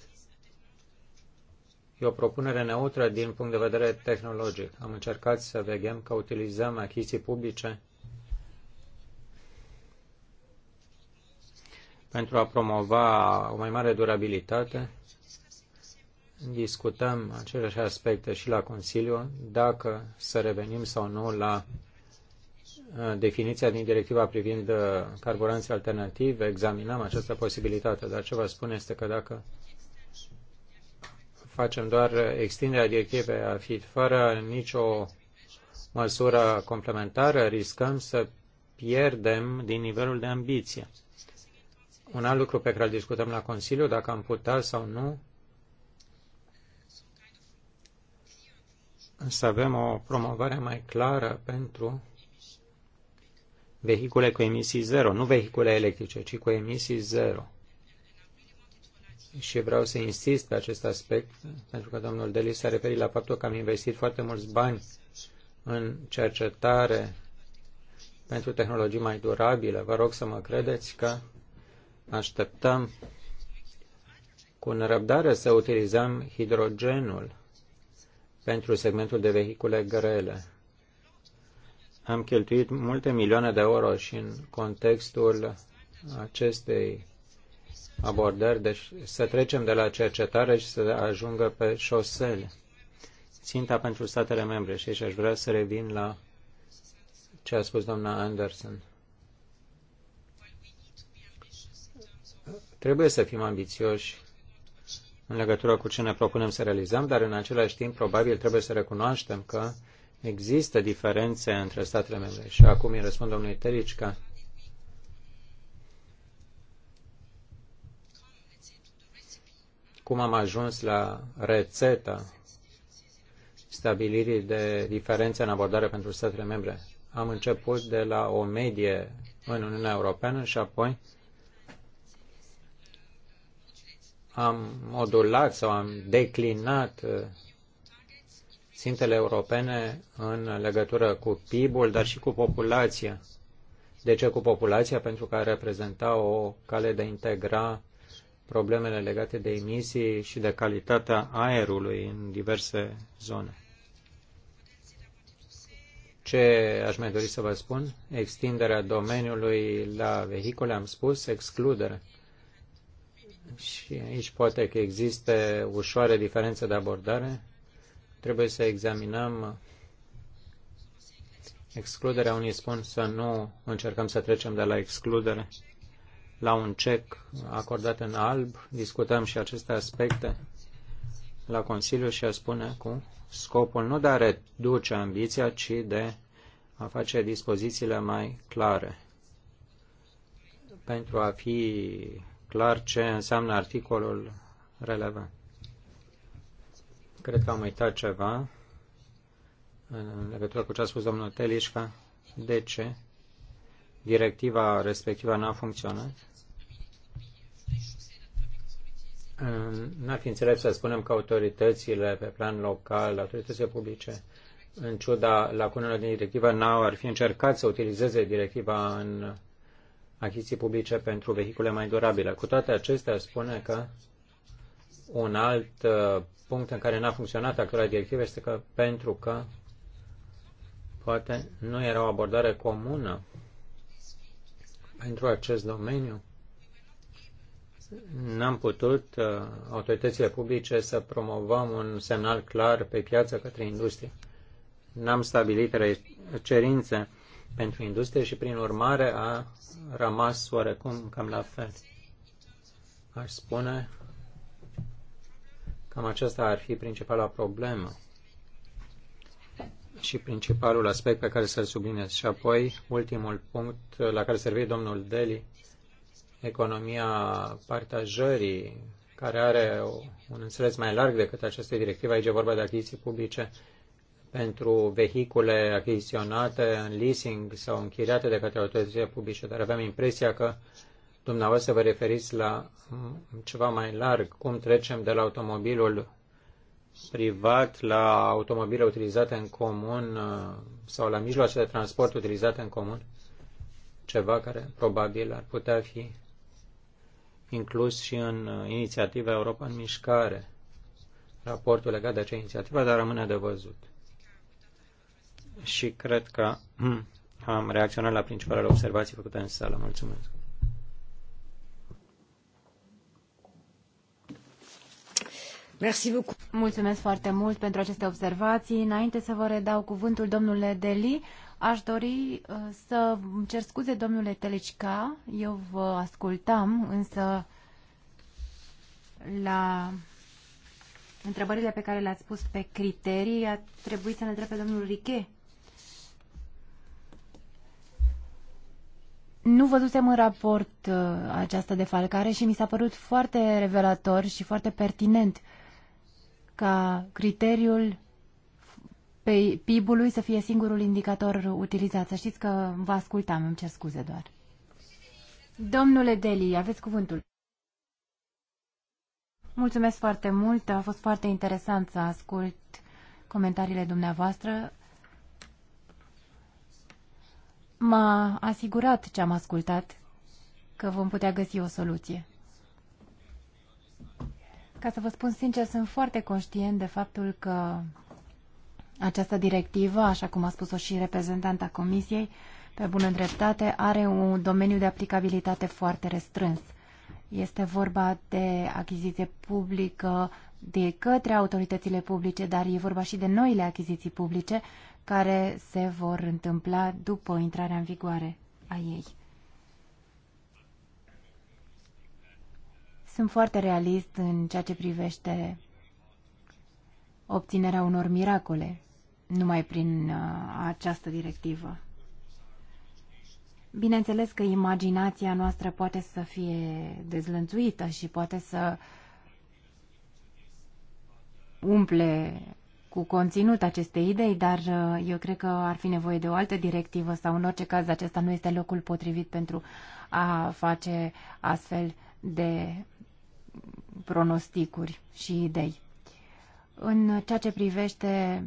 E o propunere neutră din punct de vedere tehnologic. Am încercat să vedem că utilizăm achiziții publice pentru a promova o mai mare durabilitate. Discutăm aceleași aspecte și la Consiliu, dacă să revenim sau nu la uh, definiția din directiva privind uh, carburanții alternative, examinăm această posibilitate, dar ce vă spun este că dacă facem doar extinderea directivei AFID. Fără nicio măsură complementară, riscăm să pierdem din nivelul de ambiție. Un alt lucru pe care îl discutăm la Consiliu, dacă am putea sau nu, să avem o promovare mai clară pentru vehicule cu emisii zero, nu vehicule electrice, ci cu emisii zero și vreau să insist pe acest aspect, pentru că domnul Deli s-a referit la faptul că am investit foarte mulți bani în cercetare pentru tehnologii mai durabile. Vă rog să mă credeți că așteptăm cu nerăbdare să utilizăm hidrogenul pentru segmentul de vehicule grele. Am cheltuit multe milioane de euro și în contextul acestei abordări, deci să trecem de la cercetare și să ajungă pe șosele. Ținta pentru statele membre și aș vrea să revin la ce a spus doamna Anderson. Trebuie să fim ambițioși în legătură cu ce ne propunem să realizăm, dar în același timp probabil trebuie să recunoaștem că există diferențe între statele membre. Și acum îi răspund domnului Terici că cum am ajuns la rețeta stabilirii de diferențe în abordare pentru statele membre. Am început de la o medie în Uniunea Europeană și apoi am modulat sau am declinat uh, țintele europene în legătură cu PIB-ul, dar și cu populația. De ce cu populația? Pentru că reprezenta o cale de a integra problemele legate de emisii și de calitatea aerului în diverse zone. Ce aș mai dori să vă spun? Extinderea domeniului la vehicule, am spus, excludere. Și aici poate că există ușoare diferențe de abordare. Trebuie să examinăm excluderea. Unii spun să nu încercăm să trecem de la excludere la un cec acordat în alb. Discutăm și aceste aspecte la Consiliu și a spune cu scopul nu de a reduce ambiția, ci de a face dispozițiile mai clare. Pentru a fi clar ce înseamnă articolul relevant. Cred că am uitat ceva în legătură cu ce a spus domnul Telișca. De ce? directiva respectivă n-a funcționat? N-ar fi înțeles să spunem că autoritățile pe plan local, autoritățile publice, în ciuda lacunelor din directivă, n-au ar fi încercat să utilizeze directiva în achiziții publice pentru vehicule mai durabile. Cu toate acestea, spune că un alt uh, punct în care n-a funcționat actuala directivă este că pentru că poate nu era o abordare comună pentru acest domeniu, n-am putut uh, autoritățile publice să promovăm un semnal clar pe piață către industrie. N-am stabilit cerințe pentru industrie și, prin urmare, a rămas oarecum cam la fel. Aș spune cam aceasta ar fi principala problemă și principalul aspect pe care să-l subliniez. Și apoi, ultimul punct la care servei domnul Deli, economia partajării, care are un înțeles mai larg decât această directivă. Aici e vorba de achiziții publice pentru vehicule achiziționate în leasing sau închiriate de către autoritățile publice, dar aveam impresia că dumneavoastră vă referiți la ceva mai larg, cum trecem de la automobilul privat la automobile utilizate în comun uh, sau la mijloace de transport utilizate în comun, ceva care probabil ar putea fi inclus și în uh, inițiativa Europa în mișcare, raportul legat de acea inițiativă, dar rămâne de văzut. Și cred că [CLEARS THROAT] am reacționat la principalele observații făcute în sală. Mulțumesc! Mulțumesc foarte mult pentru aceste observații. Înainte să vă redau cuvântul, domnule Deli, aș dori uh, să cer scuze, domnule Telicica, eu vă ascultam, însă la întrebările pe care le-ați pus pe criterii, a trebuit să ne întrebe domnul Riche. Nu văzusem în raport uh, această defalcare și mi s-a părut foarte revelator și foarte pertinent uh, ca criteriul pe PIB-ului să fie singurul indicator utilizat. Să știți că vă ascultam, îmi cer scuze doar. Domnule Deli, aveți cuvântul. Mulțumesc foarte mult, a fost foarte interesant să ascult comentariile dumneavoastră. M-a asigurat ce am ascultat că vom putea găsi o soluție. Ca să vă spun sincer, sunt foarte conștient de faptul că această directivă, așa cum a spus-o și reprezentanta Comisiei, pe bună dreptate, are un domeniu de aplicabilitate foarte restrâns. Este vorba de achiziție publică de către autoritățile publice, dar e vorba și de noile achiziții publice care se vor întâmpla după intrarea în vigoare a ei. Sunt foarte realist în ceea ce privește obținerea unor miracole numai prin uh, această directivă. Bineînțeles că imaginația noastră poate să fie dezlănțuită și poate să umple cu conținut aceste idei, dar uh, eu cred că ar fi nevoie de o altă directivă sau în orice caz acesta nu este locul potrivit pentru a face astfel de pronosticuri și idei. În ceea ce privește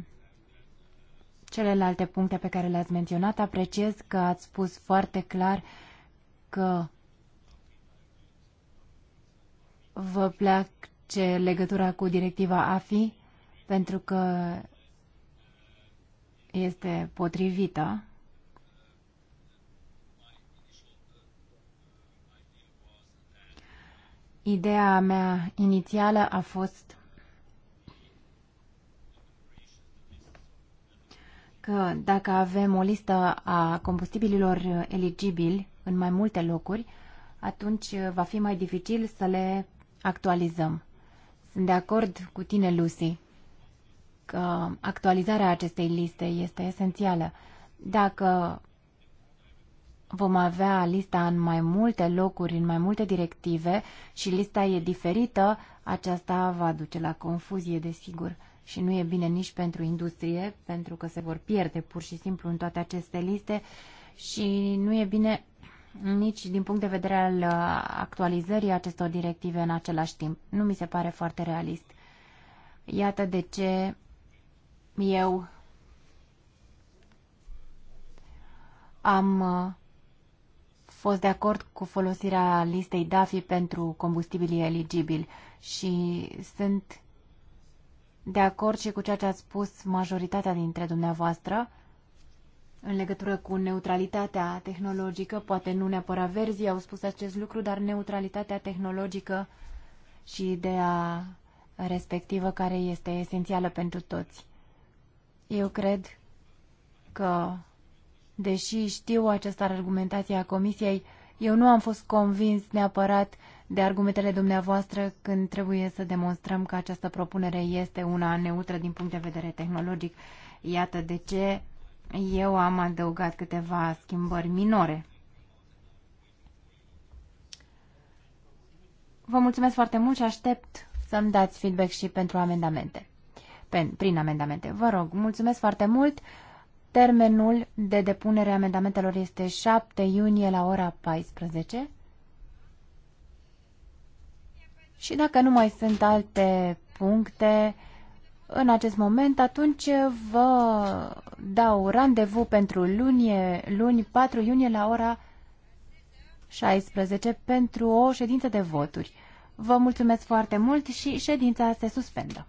celelalte puncte pe care le-ați menționat, apreciez că ați spus foarte clar că vă place legătura cu directiva AFI pentru că este potrivită Ideea mea inițială a fost că dacă avem o listă a combustibililor eligibili în mai multe locuri, atunci va fi mai dificil să le actualizăm. Sunt de acord cu tine, Lucy, că actualizarea acestei liste este esențială. Dacă vom avea lista în mai multe locuri, în mai multe directive și lista e diferită, aceasta va duce la confuzie, desigur. Și nu e bine nici pentru industrie, pentru că se vor pierde pur și simplu în toate aceste liste și nu e bine nici din punct de vedere al actualizării acestor directive în același timp. Nu mi se pare foarte realist. Iată de ce eu am uh, fost de acord cu folosirea listei DAFI pentru combustibilii eligibili și sunt de acord și cu ceea ce ați spus majoritatea dintre dumneavoastră în legătură cu neutralitatea tehnologică. Poate nu neapărat verzii au spus acest lucru, dar neutralitatea tehnologică și ideea respectivă care este esențială pentru toți. Eu cred că Deși știu această argumentație a Comisiei, eu nu am fost convins neapărat de argumentele dumneavoastră când trebuie să demonstrăm că această propunere este una neutră din punct de vedere tehnologic. Iată de ce eu am adăugat câteva schimbări minore. Vă mulțumesc foarte mult și aștept să-mi dați feedback și pentru amendamente. Pen, prin amendamente. Vă rog, mulțumesc foarte mult. Termenul de depunere a amendamentelor este 7 iunie la ora 14. Și dacă nu mai sunt alte puncte în acest moment, atunci vă dau randevu pentru luni, luni 4 iunie la ora 16 pentru o ședință de voturi. Vă mulțumesc foarte mult și ședința se suspendă.